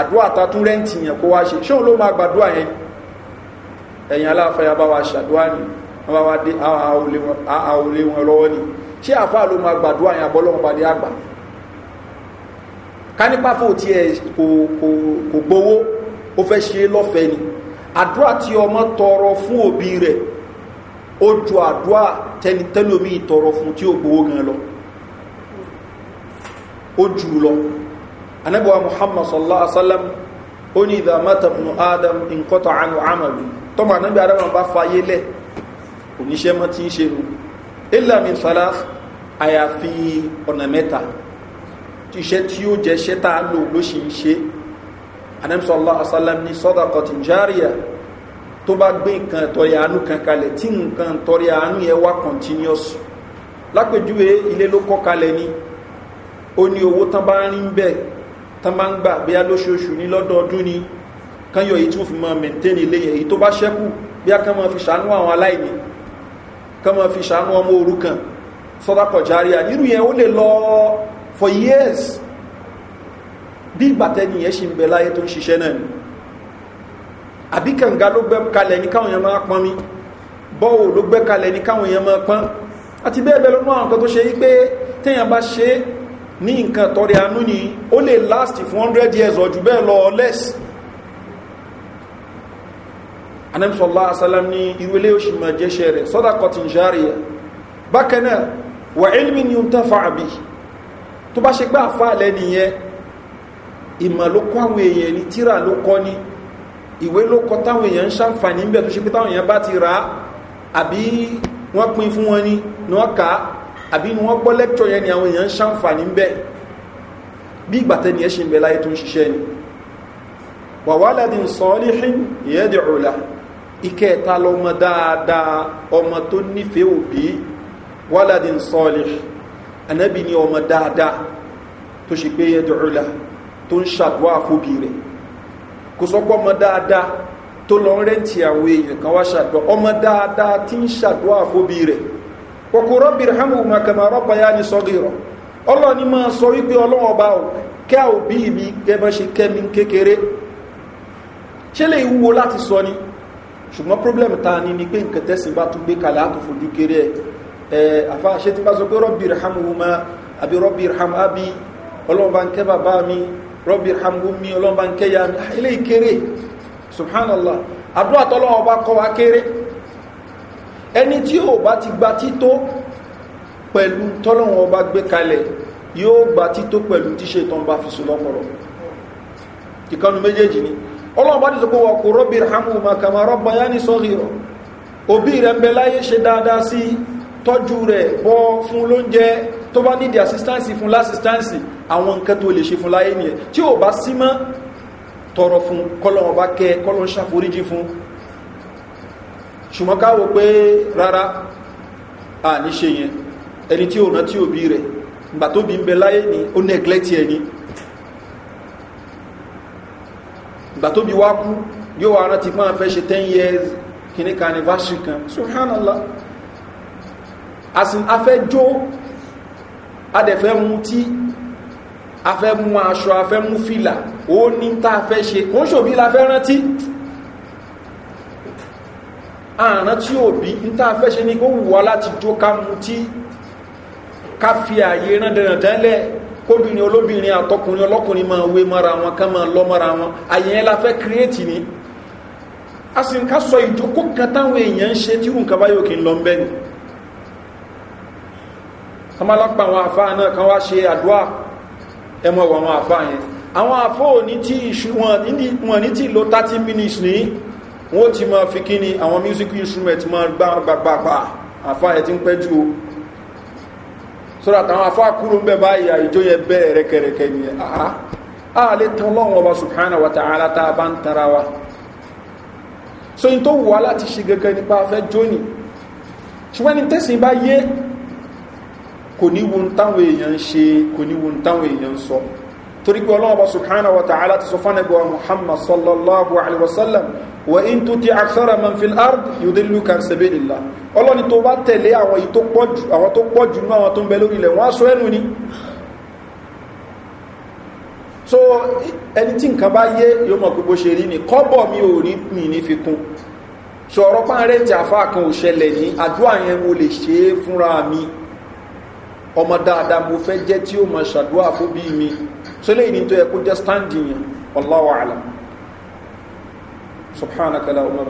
àdúrà tatún rẹ́ǹtì yẹn kó wá ṣe ṣóun ló máa gbàdúrà yẹn ẹ̀yìn aláfẹ́yà bá wa ṣàdúrà ni wọ́n bá wá dé àwòlé wọn lọ́wọ́ ni ṣé àfáà ló máa gbàdúrà yẹn abọ́lọ́wọ́n bá dé àgbà ká nípa fò tí ẹ kò gbowó ó fẹ́ ṣe lọ́fẹ̀ẹ́ ni àdúrà tí ọmọ tọrọ fún òbí rẹ̀ ó ju àdúrà tẹnitẹ́lómi tọrọ fún tí ó gbowó gan lọ ó jù lọ anábọ̀wá muhammad sallallahu alaihi wasallam ó ní ìdá mẹ́ta adam nkọ́tọ̀ àánú àmàlú tọ́mọ anábì adam bá fayé lẹ̀ oníṣẹ́ mọ́ tí ń ṣe nù ilami sara àyàfi ọ̀nà mẹ́ta iṣẹ́ tí ó jẹ́ ṣẹ́ta lò ló ṣe ń ṣe anamsọ allah asalam ní sọ́dọ̀kọ̀ tí járíà tó bá gbé nǹkan tọrẹ àánú kan kalẹ̀ tí nǹkan tọrẹ àánú yẹ wá continuous lápèjúwe ilé ló kọ́ kalẹ̀ ni ó ní owó tán bá rí ń tán bá ń gbà bí lóṣooṣù ní lọ́dọọdún ni kán yọ èyí tí wọ́n fi máa maintain ilé yẹn èyí tó bá ṣẹ́kù bí a máa fi ṣàánú àwọn aláìní kán máa fi ṣàánú ọmọ orúkàn sọ́dọ̀kọ̀ járíà nírú yẹn ó lè lọ for years bí ìgbàtẹ́ni yẹn ṣe ń bẹ láyé tó ń ṣiṣẹ́ náà ni àbí kànga ló gbẹ́ kalẹ̀ ní káwọn yẹn máa pọn mi bọ́wò ló gbẹ́ kalẹ̀ ní káwọn yẹn máa pọn àti bẹ́ẹ̀ bẹ́ẹ̀ lọ́nà àwọn kan tó ṣe yí pé téèyàn bá ṣe ní nǹkan tọrẹ anú ni ó lè last fún 100 years ọ̀jù bẹ́ẹ̀ lọ less anamsọ́lá asálám ní ìwélé oṣù máa jẹ́ṣẹ́ rẹ̀ sọ́dà kọtin ṣáàríyà ìmọ̀ ló kọ́ àwọn èèyàn ní tíra ló kọ́ ní ìwé ló kọ́ táwọn èèyàn ń ṣàǹfàní ń bẹ̀ tó ṣe pé táwọn èèyàn bá ti ra àbí wọ́n pin fún wọn ni wọ́n kà àbí wọ́n gbọ́ lẹ́kṣọ̀ yẹn ni àwọn èèyàn ń ṣàǹfàní ń bí ìgbà tẹ́ni ẹ̀ ṣe ń bẹ láyé tó ń ṣiṣẹ́ ni wàwálẹ́dìn sọ́ọ́líhìn ìyẹ́dì ọ̀la tó ń ṣàdúrà fóbi rẹ̀ kò sọ́pọ̀ ọmọ dáadáa tó lọ ń rẹ́ǹtì àwọn èèyàn kan wá ṣàdúrà ọmọ dáadáa tí ń ṣàdúrà fóbi rẹ̀ kòkò rọ́bì rahamu makama rọ́bà yá ni sọ́gì rọ̀ ọlọ́ni máa sọ wípé ọlọ́wọ́ bá o kẹ́ òbí mi gẹ́bẹ́ ṣe kẹ́mi kékeré ṣé lè wúwo láti sọ ni ṣùgbọ́n problem ta ni ni pé nǹkan tẹ́sìn bá tún gbé kalẹ̀ àtòfojú kéré ẹ̀ àfa ṣe ti bá sọ pé rọ́bì rahamu ma àbí rọ́bì rahamu abi ọlọ́wọ́ bá ń kẹ́ bàbá mi rọ́bì hamhumi ọlọ́mbà ń kẹ́yà ilé ah, ìkéré subhanallah àdúrà tọ́lọ́wọ́ bá kọ́ wa kéré ẹni tí ó bá ti gba tító pẹ̀lú tọ́lọ́wọ́ bá gbé kalẹ̀ yóò gba tító pẹ̀lú tíṣe tán bá fi sùn lọ́pọ̀lọ́ ìkanu méjèèjì ni ọlọ́run bá ti sọ pé wà kò tó bá nídìí assistance fún lásìstánsì àwọn nǹkan tó lè ṣe fún láyé nìyẹn tí ò bá sí mọ́ tọrọ fún kọ́lọ̀ ọba kẹ kọ́lọ̀ ń ṣàforíjì fún ṣùgbọ́n káwọ pé rárá à ní ṣe yẹn ẹni tí ò rántí òbí rẹ̀ ìgbà tó bí ń bẹ láyé ni ó neglect ẹni ìgbà tó bí wá kú yóò wá rántí pọ́n fẹ́ ṣe 10 years kìnnìkan anniversary kan subhanallah asin afẹ́ jó adẹ̀fẹ́ mú tí a fẹ́ mú aṣọ a fẹ́ mú fìlà ó ní tá a fẹ́ ṣe kó ṣòbí la fẹ́ rántí ààrán tí òbí ní tá a fẹ́ ṣe ní kó wùwá láti jó ká mú tí ká fi àyè rán kóbìnrin olóbìnrin àtọkùnrin ọlọ́kùnrin máa wé mọ́ra wọn ká máa lọ wọn àyè yẹn la fẹ́ kírètì ni a sì ń ká sọ ìjókòó kan táwọn èèyàn ń ṣe tí irú nǹkan báyò kì í lọ ń bẹ́ẹ̀ ni kọmọlọpàá àwọn àfáà náà kan wá ṣe àdúà ẹmọ wọ àwọn àfáà yẹn àwọn àfóò ní tí ìṣù wọn ní tí lo 30 minutes ní wọ́n ti máa fi kí ni àwọn music instrument máa gbàgbàgbà àfáà ẹ̀ ti ń pẹ́ jù o sọ́dọ̀ àtàwọn àfáà kúrò ń bẹ̀ báyìí àìjó ni àá a lè tan lọ́wọ́ wa ta'ala ta bá so in tó wù wá láti ṣe gẹ́gẹ́ ni tẹ́sìn bá kò ní wun táwọn èèyàn ṣe kò ní wun táwọn èèyàn sọ torí pé ọlọ́wọ́ subhanahu wa ta'ala ti sọ fánàgbà muhammad sallallahu alaihi wasallam wa in tó ti àṣára man fi ard yóò dé lùkà sẹ́bẹ̀lélá ọlọ́ni tó bá tẹ̀lé àwọn tó pọ̀ jù ní àwọn tó ń bẹ lórí ilẹ̀ wọ́n á ẹnu ni so ẹni tí nǹkan bá yé yóò mọ̀ pé bó ṣe rí ni kọ́bọ̀ mi ò rí mi ní fi kún sọ̀rọ̀ páńrẹ́ ti àfáà kan ò ṣẹlẹ̀ ní àdúrà yẹn mo lè ṣe é fúnra mi ọmọ dáadáa mo fẹ́ jẹ́ tí ó mọ ṣàdúrà fún bí mi tó lè ní tó yẹ kó jẹ́ standing yẹn ọláwà àlà subhanakala umar